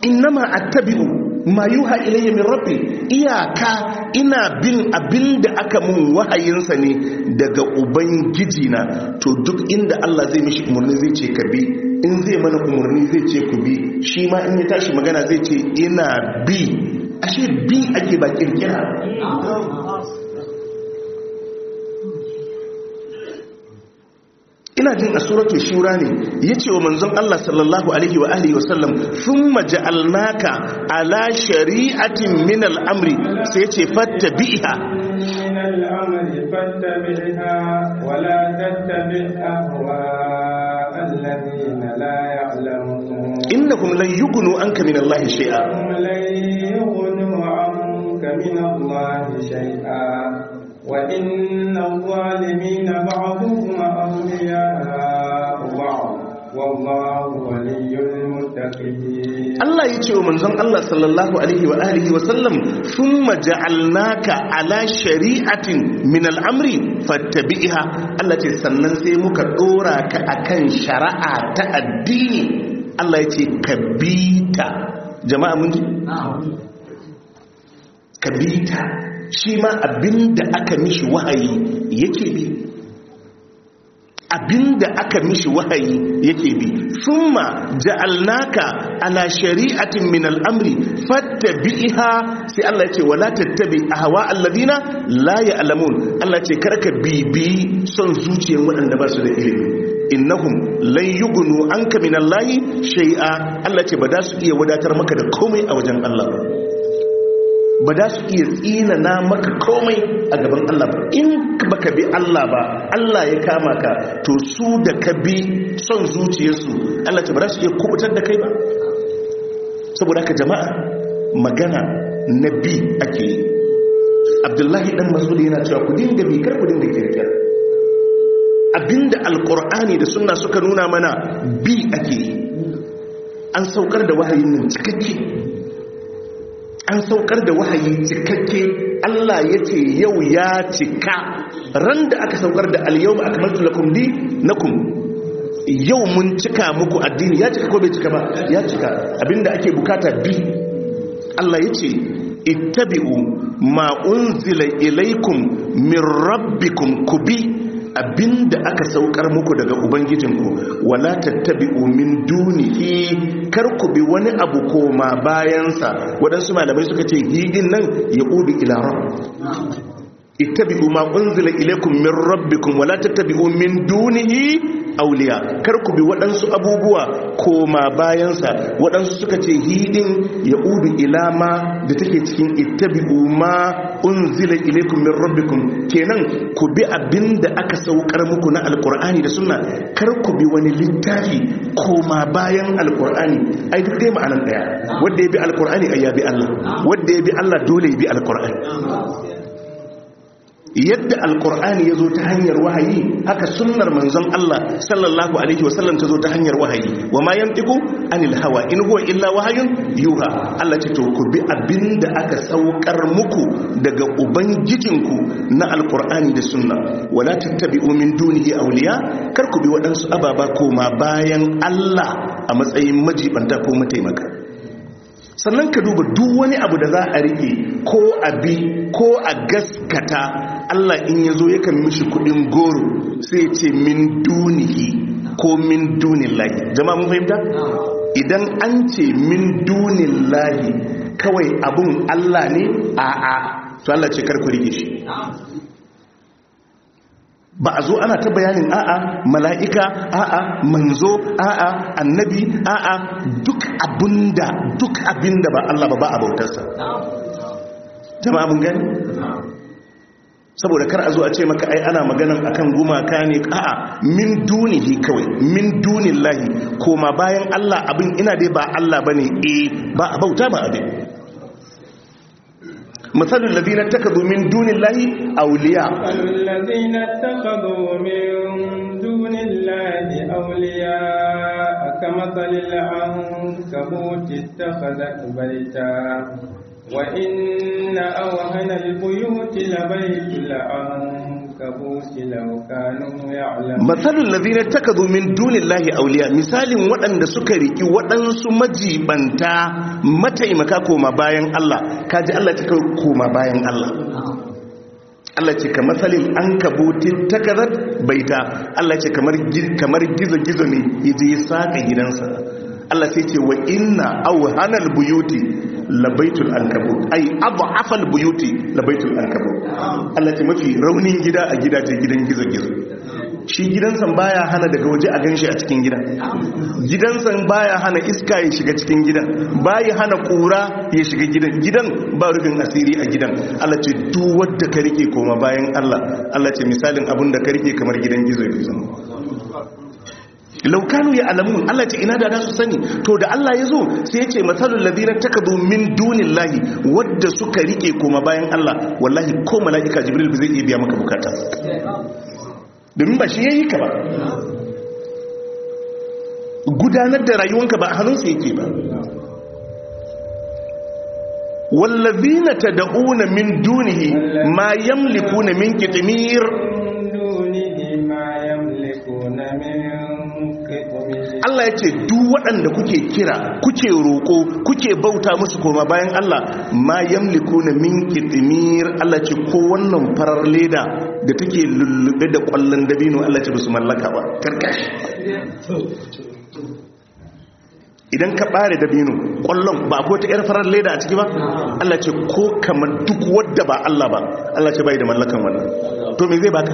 innama attabi'u ma yuha ilayya min rabbi iyaka ina bin abin da aka mun wahayinsa ne daga ubangiji na to duk inda Allah zai mishi umarni zai ce ka in zai mana umarni zai ce ku bi shi ma in ya tashi magana zai ce ina bi ashe bi ake ba kirkira ina jin a suratul shura ne yace wa manzon Allah sallallahu alaihi wa alihi wasallam thumma ja'alnaka ala shari'atin min al-amri sai yace fattabi'ha min al-amri fattabi'ha wa la tattabi' ahwa alladhina la ya'lamun innahum lan yughnu anka min Allah shay'a يضرك من الله شيئا وإن الظالمين بعضهم أولياء بعض Allah ya ce wa manzon Allah sallallahu alaihi wa alihi wa sallam thumma ja'alnaka ala shari'atin min al'amri fattabi'ha Allah ce sannan sai muka dora ka akan shari'a ta addini Allah ya ce ka bi ta jama'a mun ji ka bi shi ma abinda aka mishi wahayi yake bi abinda aka mishi wahayi yake bi summa ja'alnaka ala shari'atin min al'amri fattabi'iha sai Allah ce wala tattabi ahwa alladina la ya'lamun Allah ce karka bibi son zuciyar waɗanda ba su da ilimi innahum lan yughnu anka min Allah shay'a Allah ce ba za su iya wadatar maka da komai a wajen Allah ba ba da su iya tsina na maka komai a gaban Allah ba in baka bi Allah ba Allah ya kama ka to su da ka bi son zuciyarsu Allah ce ba da su iya kubutar da kai ba saboda ka jama'a magana na bi ake yi abdullahi dan masud yana cewa ku dinga bi kar ku dinga kirkira abinda alqur'ani da sunna suka nuna mana bi ake yi an saukar da wahayin nan cikakke an saukar da wahayi cikakke Allah ya ce yau ya cika ran da aka saukar da al-yawma akmaltu lakum dinakum yau mun cika muku addini ya cika ko bai cika ba ya cika abinda ake bukata bi Allah ya ce ittabi'u ma unzila ilaikum min rabbikum kubi abinda aka saukar muku daga ubangijinku wala tattabi'u min dunihi kar ku bi wani abu koma bayansa waɗansu malamai suka ce hidin nan ya ubi ila rabb ittabi'u ma unzila ilaykum min rabbikum wala tattabi'u min dunihi awliya kar bi waɗansu abubuwa ko koma bayansa waɗansu suka ce hidin ya'udu ila ma da take cikin ittabi'u ma unzila ilaykum min rabbikum kenan ku bi abinda aka saukar muku na alqur'ani da sunna kar ku bi wani littafi ko ma bayan alqur'ani ai duk dai ma'anar daya wanda ya bi alqur'ani ai ya bi Allah wanda ya bi Allah dole ya bi alqur'ani yadda alkur'ani ya zo ta hanyar wahayi haka sunnar manzon Allah sallallahu alaihi wasallam ta zo ta hanyar wahayi wa ma yantiku anil hawa in huwa illa wahayun yuha Allah ce to ku bi abinda aka saukar muku daga ubangijinku na alkur'ani da sunna wala tattabi'u min dunihi awliya kar ku bi waɗansu ababa koma bayan Allah a matsayin majibanta ko mataimaka sannan ka duba duk wani abu da za a riƙe ko a bi ko a gaskata Allah in ya zo yakan mishi kudin goro sai ya ce min dunihi ko min dunillahi jama'a mun fahimta idan an ce min dunillahi kawai abun Allah ne a'a to Allah ce kar ku rike shi ba a zo ana ta bayanin a'a mala'ika a'a manzo a'a annabi a'a duk abinda duk abinda ba Allah ba ba a bautarsa jama'a mun gani saboda kar a zo a ce maka ai ana magana akan gumaka ne a'a min dunihi kawai min dunillahi koma bayan Allah abin ina dai ba Allah bane eh ba bauta ba abin misalul ladina takadu min dunillahi awliya alladina takadu min dunillahi awliya kama talil an kabuti takada ubaita وإن أوهن البيوت لبيت العنكبوت لو كانوا يعلمون مثل الذين اتخذوا من دون الله أولياء مثال وأن سكري وأن سمجي بنتا متى إمكا كوما باين الله كاجي الله تكو كوما باين الله Allah ce kamar salin an kabotin takarar baita Allah ce kamar gizo-gizo ne ya je ya gidansa Allah sai ce wa inna au buyuti labaitul ankabut ai adhafal buyuti labaitul ankabut Allah mafi raunin gida a gidaje gidan gizo gizo shi gidan san baya hana daga waje a ganshi a cikin gida. gidan san baya hana iska ya shiga cikin gida bai hana kura ya shiga gidan gidan ba rufin asiri a gidan Allah duk wanda ka rike koma bayan Allah Allah misalin abun da ka rike kamar gidan gizo gizo laukanu ya alamu, Allah ce ina da da su sani to da Allah ya zo sai ya ce matsalul ladina takadu min dunillahi wadda suka rike koma bayan Allah wallahi ko mala'ika jibril zai iya biya maka bukata domin ba shi yi ka ba gudanar da rayuwanka ba a hannunsa yake ba wallazina tad'una min dunihi ma yamlikuna min qitmir Allah ya ce duk waɗanda kuke kira kuke roƙo kuke bauta musu koma bayan Allah ma yamliku na min kitimir Allah ce ko wannan farar leda da take lullube da ƙwallon dabino Allah ce su mallaka ba karkashi idan ka ɓare dabino ƙwallon ba ko ta 'yar farar leda a ciki ba Allah ce ko kamar duk wadda ba Allah ba Allah ce bai da mallakan wannan to me zai baka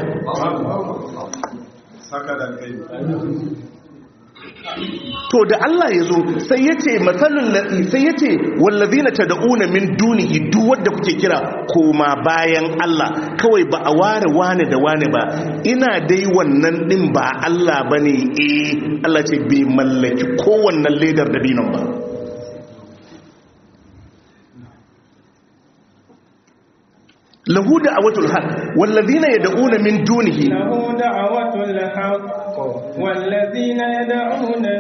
to da Allah ya zo sai ya ce matsalin latsi sai ya ce wallazi na ta da'una min duni idu, wadda kuke kira koma bayan Allah kawai ba a ware wane da wane ba ina dai wannan din ba Allah ba ne eh Allah ce bai mallaki kowannan ledar da dabinon ba lahu da'awatul haq wal ladina yad'una min dunihi lahu da'awatul haq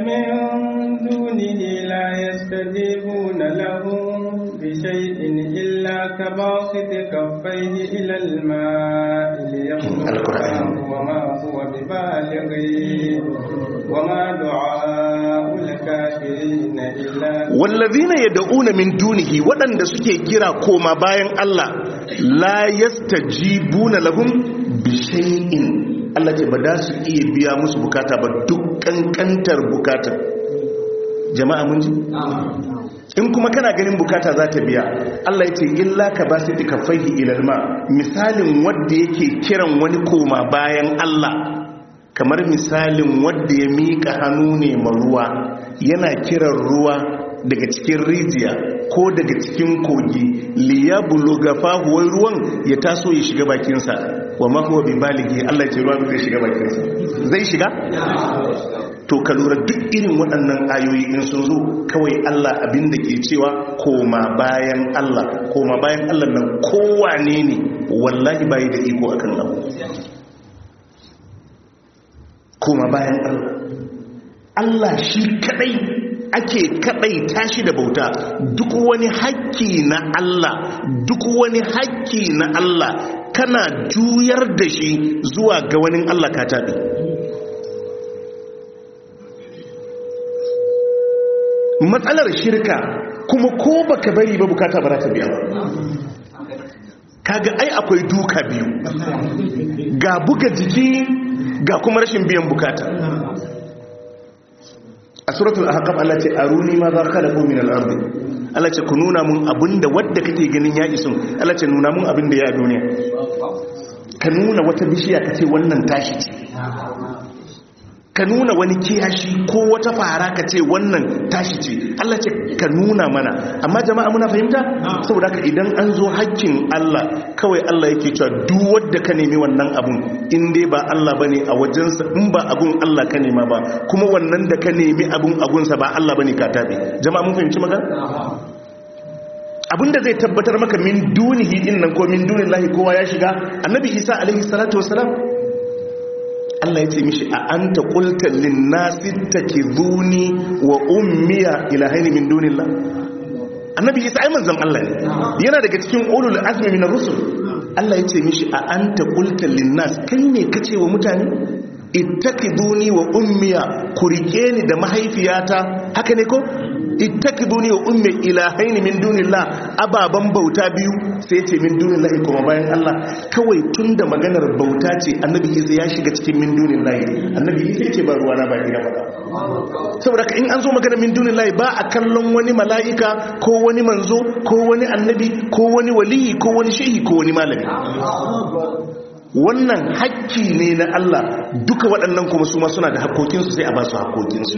min dunihi la yastajibuna lahum bi shay'in illa kabasit kaffayhi ila al ma'i yaqulu wa min dunihi la yastajibuna lahum bi shay'in Allah ce ba da su iya biya musu bukata ba duk kankantar bukatar jama'a mun ji in kuma kana ganin bukata za ta biya Allah ya ce illa ka ba su kafahi ilal ma misalin wanda yake kiran wani koma bayan Allah kamar misalin wanda ya mika hannu ne ma ruwa yana kiran ruwa daga cikin rijiya ko daga cikin kogi liyabluga fahu huwai ruwan ya taso ya shiga bakinsa wa ma huwa baligi Allah ya ce ruwa zai shiga bakinsa zai shiga to ka lura duk irin waɗannan ayoyi in sun zo kawai Allah abinda ke cewa koma bayan Allah koma bayan Allah nan kowane ne wallahi bayi da iko akan lamu koma bayan Allah Allah shi kadai ake kadai tashi da bauta duk wani haƙƙi na Allah duk wani haƙƙi na Allah kana juyar da shi zuwa ga wani Allah ka tabi matsalar shirka kuma ko baka bari ba bukata ba za ta biya kaga ai akwai duka biyu ga buga jiki ga kuma rashin biyan bukata suratul ahqaf Allah ce aruni ma za khalaqu min al-ardi Allah ce ku nuna mun abinda wadda kake ganin ya isu Allah ce nuna mun abinda ya duniya ka nuna wata bishiya kace wannan tashi ce ka nuna wani kiyashi ko wata fara ka ce wannan tashi ce Allah ce ka nuna mana amma jama'a muna fahimta saboda ka idan an zo hakkin Allah kawai Allah yake cewa duk wanda ka nemi wannan abun in dai ba Allah bane a wajensa in ba abun Allah ka nema ba kuma wannan da ka nemi abun agunsa ba Allah bane ka tabe jama'a mun fahimci maka abinda zai tabbatar maka min dunihi din nan ko min dunillahi kowa ya shiga annabi isa alaihi salatu wasalam Allah ya ce mishi a anta qulta ta ke zuni wa ummiya ilahaini min dunillah annabi isa ai zan Allah ne yana daga cikin ulul azmi min rusul Allah ya ce mishi a an qulta lin kai ne kace wa mutane ittakiduni wa ummiya ku rike ni da mahaifiyata haka ne ko ittakiduni wa ummi ilahaini min dunillah ababan bauta biyu sai ce min dunillah kuma bayan Allah kawai tunda maganar bauta ce annabi Isa ya shiga cikin min dunillah annabi Isa yake ba ruwana ba ina ba saboda ka in an zo maganar min dunillah ba a kallon wani mala'ika ko wani manzo ko wani annabi ko wani waliyi ko wani shehi ko wani malami wannan hakki ne na Allah duka waɗannan kuma su ma suna da hakokinsu sai a ba su hakokinsu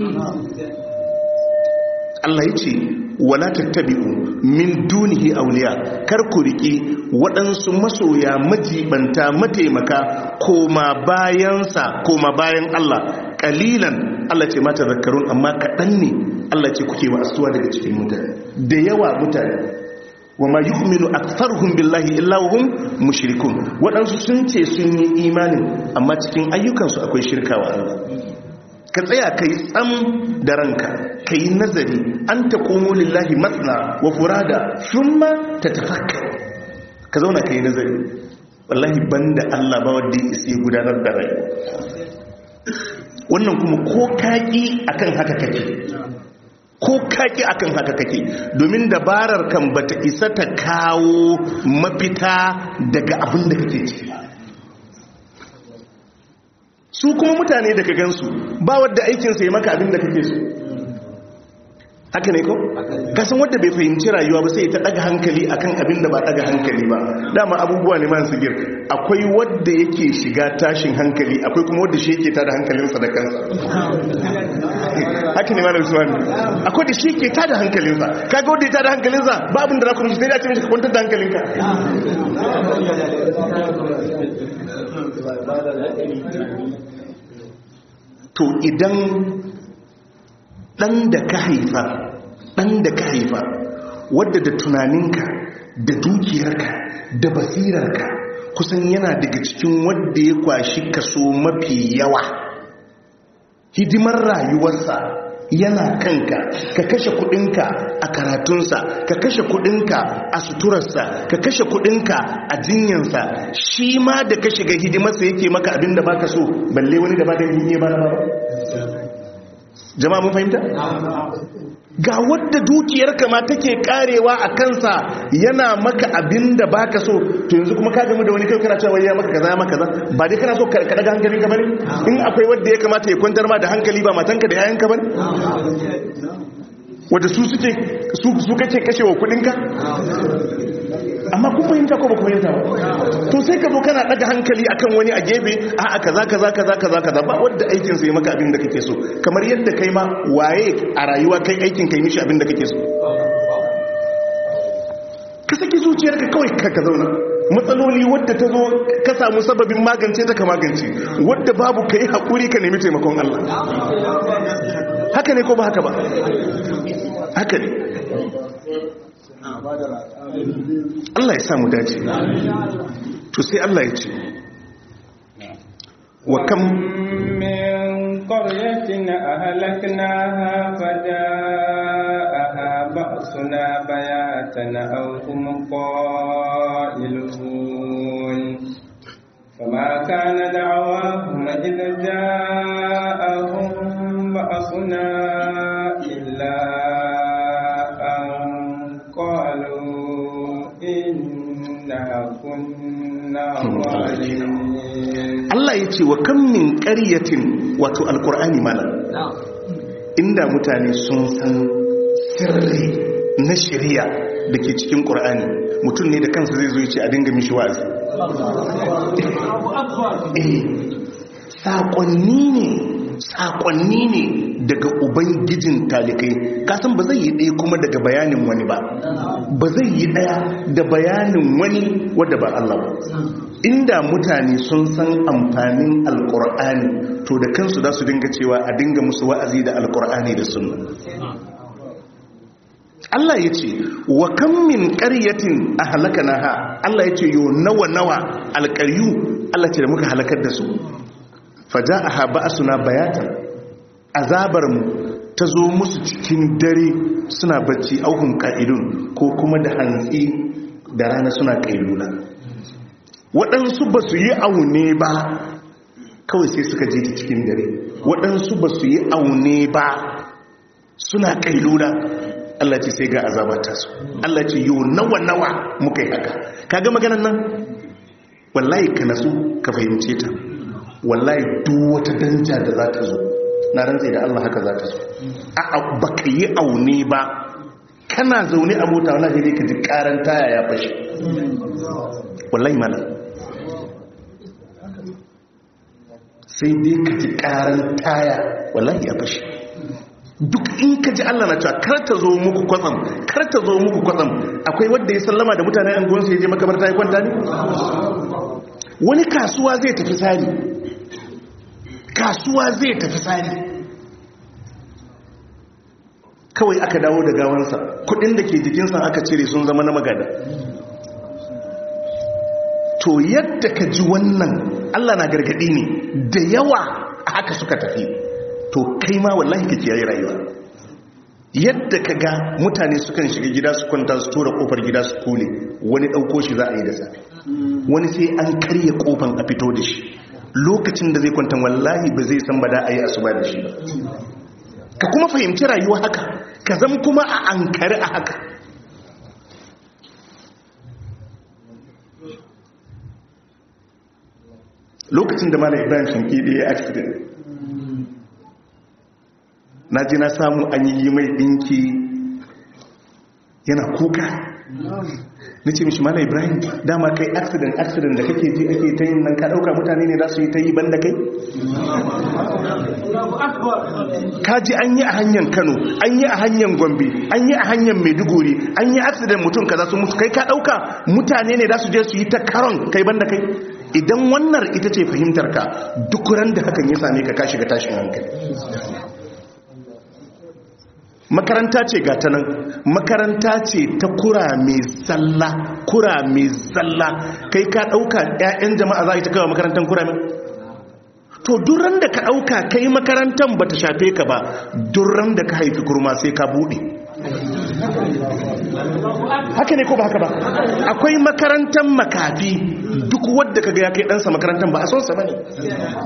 Allah ya ce wala tattabi'u min dunihi awliya kar ku riƙe waɗansu masoya majibanta mataimaka koma bayansa koma bayan Allah kalilan Allah ce mata zakarun amma kaɗan ne Allah ce kuke wa asuwa daga cikin mutane da yawa mutane wa ma yu'minu aktharuhum billahi illa hum mushrikun waɗansu sun ce sun yi imanin amma cikin ayyukansu akwai shirkawa. Allah ka tsaya ka yi tsam da ranka ka yi nazari an ta komo lillahi matsala wa furada sun ma ta tafakka ka zauna ka yi nazari wallahi banda allah ba wadda ya isi gudanar da rai wannan kuma ko kaki akan haka kake ko kaki akan haka kake domin dabarar kan bata isa ta kawo mafita daga abin da kake ciki su kuma mutane da ka gansu ba wadda aikinsa ya maka abin da kake so haka ne ko kasan wadda bai fahimci rayuwa ba sai ta daga hankali akan abin da ba daga hankali ba dama abubuwa ne man sigir akwai wadda yake shiga tashin hankali akwai kuma wadda shi yake tada hankalinsa da kansa haka ne malam suwan akwai da shi yake tada sa, kaga wadda ya tada sa, ba abin da za ku mishi sai da ce mishi kwantar da hankalinka to idan ɗan da ka haifa ɗan da ka haifa wadda da tunaninka da dukiyarka da basirarka kusan yana daga cikin wadda ya kwashi kaso mafi yawa hidimar rayuwarsa yana kanka ka kashe kudinka a karatunsa ka kashe kudinka a suturarsa ka kashe kudinka a jinyansa shi ma da ka shiga hidimarsa yake maka abin da baka so balle wani da ba da yin ba na ba jama'a mun fahimta ga wadda dukiyarka ma take karewa a kansa yana maka abin da baka so to yanzu kuma ka gamu da wani kai kana cewa ya maka kaza maka kaza ba dai kana so ka kada hankali ka bane in akwai wadda ya kamata ya kwantar ma da hankali ba matanka da yayanka bane wadda su suke su kace kashewa ka amma kun fahimta ko ba ku fahimta ba to sai ka zo kana daga hankali akan wani a gebe a kaza kaza kaza kaza za ba wadda aikin sai maka abin da kake so kamar yadda kai ma waye a rayuwa kai aikin kai mishi abin da kake so ka saki zuciyarka kawai ka zauna matsaloli wadda ta zo ka samu sababin magance ta ka magance wadda babu ka yi haƙuri ka nemi taimakon Allah haka ne ko ba haka ba haka ne Allah ya samu dace to sai Allah ya ce wa kam min qaryatin ahlaknaha fajaaha ba'suna bayatan aw hum qailun فما كان دعواهم إذ جاءهم بأسنا Allah ya ce wa kan min ƙaryatin wato alkur'ani malam inda mutane sun san sirri na shari'a da ke cikin ƙur'ani mutum ne da kansa zai zo ya ce a dinga mishi wa'azi eh, saƙonni ne sakonni ne daga ubangijin talikai kasan ba zai yi ɗaya kuma daga bayanin wani ba ba zai yi ɗaya da bayanin wani wadda ba Allah ba inda mutane sun san amfanin alkur'ani to da kansu za su dinga cewa a dinga musu wa'azi da alkur'ani da sunna Allah ya ce wa kan min ƙaryatin a halaka na ha Allah ya ce yo nawa nawa alƙaryu Allah ce da muka halakar da su faja a haɓa a suna bayatar mu ta zo musu cikin dare suna bacci auhun ƙa'idun ko kuma da hantsi da rana suna ƙailuna waɗansu ba su yi aune ba kawai sai suka je cikin dare waɗansu ba su yi aune ba suna kai lura. Allah ce sai ga azabata su Allah ce yau nawa nawa muka yi haka kaga maganan nan wallahi ka nasu ka fahimce ta wallahi duk wata danja da za ta zo na rantse da Allah haka za ta zo a'a baka yi aune ba kana zaune a mota wani dai ka ji karan taya ya fashe wallahi mana sai dai ka ji taya wallahi ya fashi duk in ka ji Allah na cewa kar ta zo muku kwatsam kar ta zo muku kwatsam akwai wadda ya sallama da mutanen anguwansa ya je makabarta ya kwanta ne wani kasuwa zai tafi sari kasuwa zai tafi sari kawai aka dawo da gawansa kudin da ke jikinsa aka cire sun zama na magada to yadda ka ji wannan Allah na gargaɗi ne da yawa a haka suka tafi to kai ma wallahi ka yi rayuwa yadda ka ga mutane sukan shiga gida su kwanta su tura kofar gida su kule wani ɗauko shi za a yi da safe wani sai an karya kofan a fito da shi lokacin da zai kwanta wallahi ba zai san ba da a yi asuba da shi ba ka kuma fahimci rayuwa haka ka zama kuma a ankari a haka lokacin da mana ibrahim shinkidi ya accident na ji na samu an yi mai dinki yana kuka na ce mishi mana ibrahim dama kai accident accident da kake ji ake ta yin nan ka dauka mutane ne za su yi ta yi ban da kai ka ji an yi a hanyar kano an yi a hanyar gombe an yi a hanyar maiduguri an yi accident mutum za su mutu kai ka dauka mutane ne za su je su yi ta karon kai ban da kai idan wannan ita ce fahimtar ka duk ran da hakan ya same ka ka shiga tashin hankali makaranta ce ga ta nan makaranta ce ta kura mai tsalla kura mai tsalla kai ka ɗauka 'ya'yan jama'a za a yi ta kawo makarantar kura mai to duran da ka ɗauka kai makarantar ba ta shafe ka ba duran da ka haifi kurma sai ka buɗe haka ne ko ba haka ba akwai makarantar makafi duk wadda ga ya kai ɗansa makarantar ba a son sa bane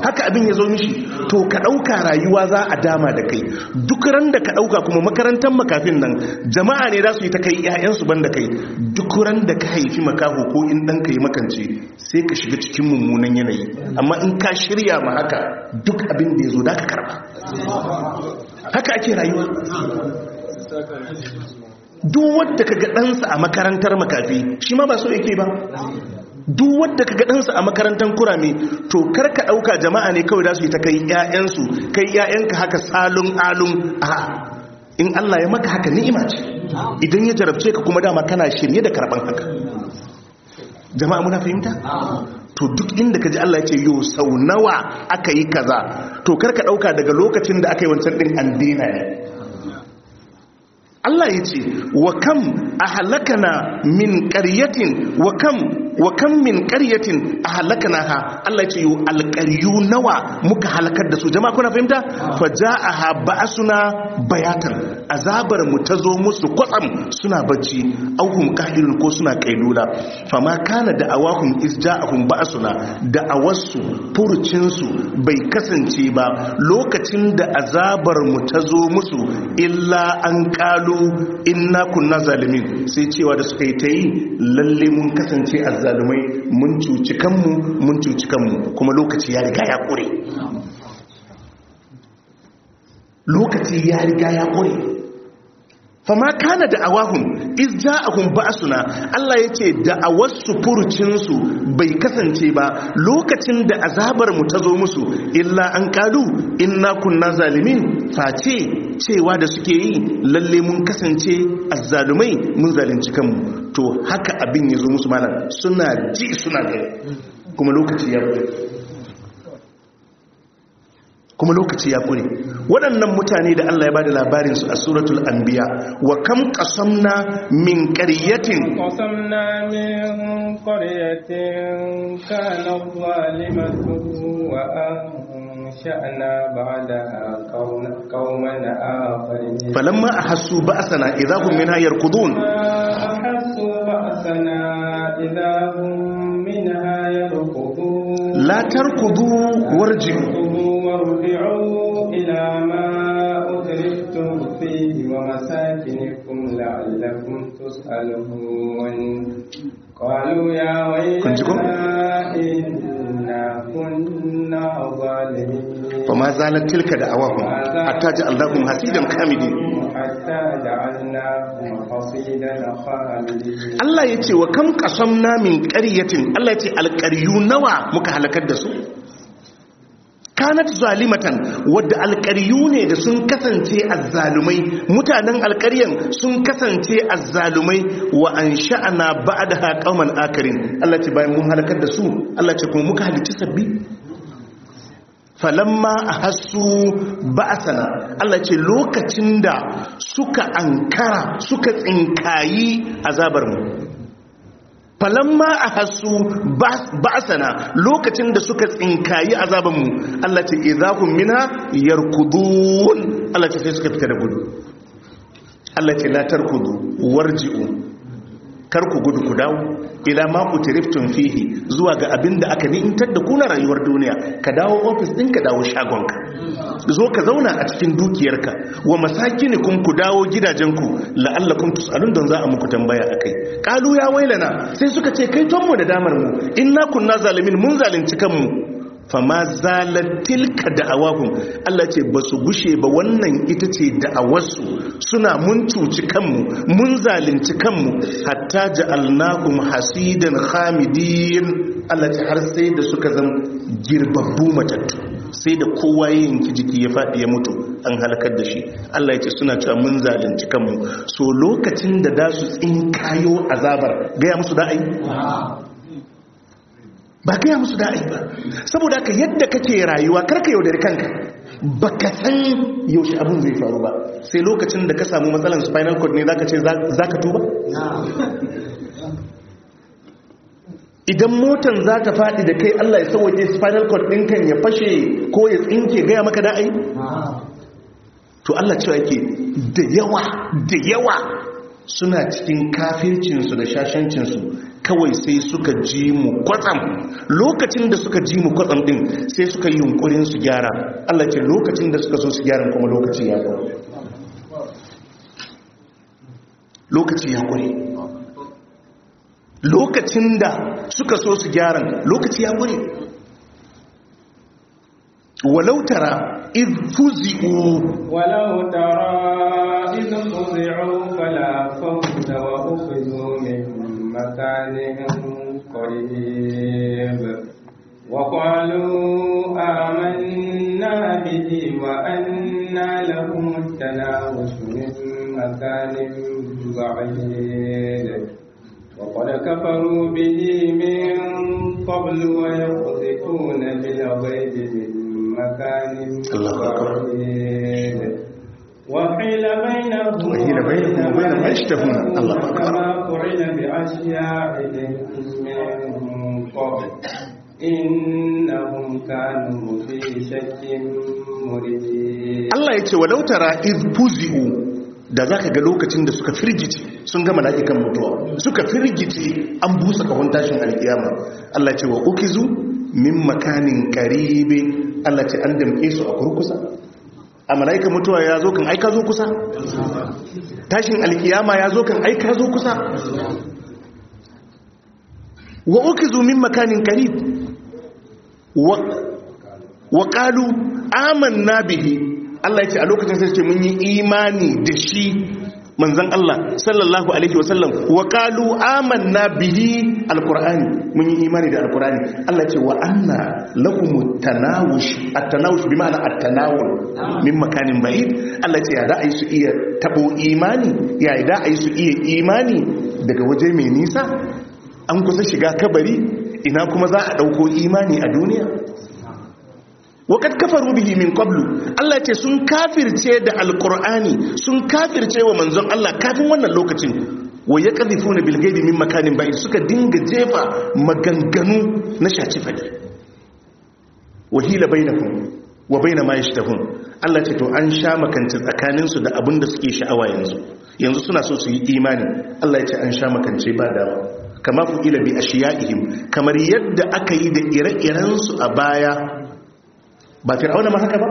haka abin ya zo mishi to ka ɗauka rayuwa za a dama da kai duk ran da ka ɗauka kuma makarantar makafin nan jama'a ne za su yi ta kai 'ya'yansu ban da kai duk ran da ka haifi makaho ko in ɗan ka yi makance sai ka shiga cikin mummunan yanayi amma in ka shirya ma haka duk abin da ya zo da ka karba haka ake rayuwa duk wadda kaga ɗansa a makarantar makafi shi ma ba so yake ba duk wadda ga ɗansa a makarantar kurame to kar ka ɗauka jama'a ne kawai da su yi ta kai 'ya'yansu kai 'ya'yanka haka salun alun a in Allah ya maka haka ni'ima ce idan ya jarabce ka kuma dama kana shirye da karɓan haka jama'a muna fahimta to duk inda ka ji Allah ya ce yo sau nawa aka yi kaza to kar ka ɗauka daga lokacin da aka yi wancan ɗin an ne Allah ya ce wa kam ahlakana min qaryatin wa kam wa kam min na ha? Allah ya ce yau alƙaryu nawa muka halakar da su jama'a kuna fahimta fa ja'aha ba'suna bayatan azabar mu zo musu kwatsam suna bacci au hum ko suna kailula fama kana da'awahum a ja'ahum da da'awarsu furcin su bai kasance ba lokacin da azabar mu zo musu illa an ƙalo in inna kunna zalimin sai cewa da suka yi ta yi lalle mun kasance a azzalumai mun cuci kanmu mun cuci kanmu kuma lokaci ya riga ya kure lokaci ya riga ya kure fama kana da awahun iz ja'ahum ba'suna Allah yace da ce wasu furucinsu bai kasance ba lokacin da azabar mu ta zo musu illa an kalu inna kunna zalimin face cewa da suke yi lalle mun kasance azzalumai mun zalunci kanmu to haka abin ya musu malam suna ji suna gani kuma lokaci ya bude kuma lokaci ya kure waɗannan mutane da Allah ya bada labarinsu a suratul anbiya wa kam qasamna min qaryatin qasamna min qaryatin kana zalimatu wa ansha'na ba'daha qauman akharin falamma ahassu ba'sana idza hum minha yarkudun ahassu ba'sana idza hum minha yarkudun لا تركضوا وارجعوا إلى ما أدركتم فيه ومساكنكم لعلكم تسألون قالوا يا ويلنا فما زالت تلك دعواهم حتى جعلناهم حصيدا كامدين Allah ya ce wa kan kasamna min qaryatin Allah ya ce alqaryu nawa muka halakar da su kanat zalimatan wadda alƙaryu ne da sun kasance azzalumai mutanen alƙaryan sun kasance azzalumai wa an sha'ana ba'daha qauman akarin Allah ce bayan mun halakar da su Allah ce kuma muka halicci sabbi falamma a sana Allah ce lokacin da suka ankara suka tsinkayi azabar mu falamma a hasu ba sana lokacin da suka tsinkayi azabanmu Allah ce mina yar yarkudun Allah ce sai suka fita da gudu Allah ce la tarkudu warji'u kar ku gudu ku dawo ila ma tiriftun fihi zuwa ga abin da aka ni'intar da kuna rayuwar duniya ka dawo ofis din ka dawo shagon ka. zo ka zauna a cikin dukiyarka wa kun ku dawo gidajenku la'allakum tusalun don za a muku tambaya akai qalu ya wailana sai suka ce kai tonmu da damar mu inna kunna zalimin mun zalunci kanmu fama zalar tilka da'awahum Allah ce ba su gushe ba wannan ita ce da'awarsu suna mun cuci kanmu mun zalunci kanmu hatta ja'alnakum hasidan khamidin Allah ce har sai da suka zan girbabbu matattu sai da kowa ya yanki jiki ya faɗi ya mutu an halakar da shi Allah ya ce suna cewa mun zalunci kanmu so lokacin da da su tsinkayo azabar gaya musu da'ai ba ka yi musu da ba saboda ka yadda kake rayuwa karka yaudari kanka ba ka san yaushe abin zai faru ba sai lokacin da ka samu matsalan spinal cord ne za ka ce za ka tuba? idan motan za ta faɗi da kai Allah ya sauwaje spinal cord ɗinkan ya fashe ko ya tsinke gaya maka da'ai? to Allah cewa yake da yawa da yawa suna cikin kafircinsu da shashancinsu kawai sai suka ji mu kwatsam lokacin da suka ji mu kwatsam din sai suka yi yunkurin su gyara Allah ce lokacin da suka so su gyara kuma lokaci ya kwa lokaci ya kwa lokacin da suka so su gyara lokaci ya kwa walau tara iz fuzi'u walau tara iz fuzi'u fala fawta wa ukhidhu مكان قريب وقالوا آمنا به وأنا لهم التناوش من مكان بعيد وقد كفروا به من قبل ويقذفون بالغيب من مكان بعيد وحيل بينهم وبين ما يشتهون الله أكبر قرن بأشياعهم من قبل إنهم كانوا في شك مريب الله يتوى لو ترى إذ فزئوا da za ka ga lokacin da suka firgiti sun gama na'ikan mutuwa suka firgiti an busa kahon tashin alkiyama Allah ce wa ukizu min makanin karibe Allah ce an damke su a kurkusa a mala'ikan mutuwa ya zo kan aika zo kusa tashin alkiyama ya zo kan aika zo kusa wa ukizu min makanin qarib wa qalu na bihi Allah ya ce a lokacin sai ce mun yi imani da shi manzan Allah sallallahu alaihi wasallam wa qalu amanna bihi alkur'ani mun yi imani da alkurani Allah ce wa anna lakum tanawush at-tanawush bi ma'ana at-tanawul min makanin ba'id Allah ce ya da ai su iya tabo imani ya da ai su iya imani daga waje mai nisa an kusa shiga kabari ina kuma za a dauko imani a duniya waƙad kafaru bihi min qablu Allah ce sun kafirce da alƙur'ani sun kafirce wa manzon Allah kafin wannan lokacin wa ya ƙazifuna bil ghaibi min makanin bai suka dinga jefa maganganu na shaci fadi wahila bainakum wa bain ma yashtahun Allah ce to an sha makanci tsakanin su da abin da suke sha'awa yanzu yanzu suna so su yi imani Allah ce an sha makance ba dawa kama fu'ila bi ashiya'ihim kamar yadda aka yi da ire-irensu a baya ba fir'auna ma haka ba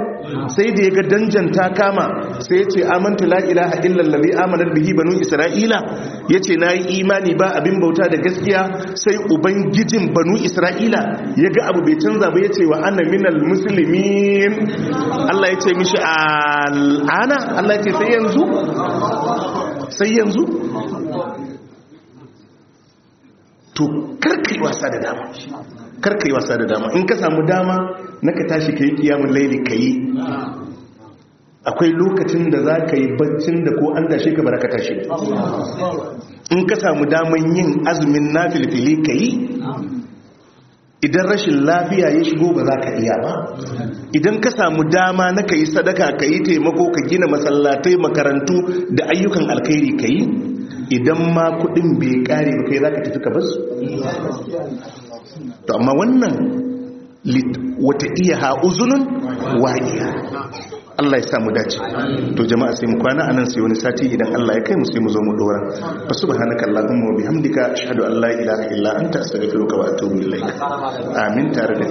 sai da ya ga danjan ta kama sai ya ce amanta la ilaha illallazi amanar bihi banu isra'ila ya ce na yi imani ba abin bauta da gaskiya sai ubangijin banu isra'ila ya ga abu bai canza ba ya ce wa ana minal musulmin allah ya ce mishi al'ana allah ya ce sai yanzu sai yanzu to karkai wasa da dama karka yi wasa da dama in ka samu dama na ka tashi ka yi kiyamun laili ka yi akwai lokacin da za ka yi baccin da ko an dashe ka bara ka tashi in ka samu daman yin azumin na filifili ka yi idan rashin lafiya ya shigo ba za ka iya ba idan ka samu dama na ka yi sadaka ka yi taimako ka gina masallatai makarantu da ayyukan alkhairi ka yi idan ma kudin bai kare ba kai za ka tafi ka basu to amma wannan wata iya ha'uzunun wa'iya Allah ya samu dace to jama'a sai mu kwana anan sai wani sati idan Allah ya kai mu sai mu zo mu dora fa subhanaka allahumma wa bihamdika ashhadu an la ilaha illa anta astaghfiruka wa atubu ilaik amin tare da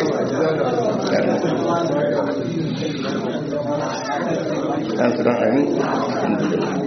kai amin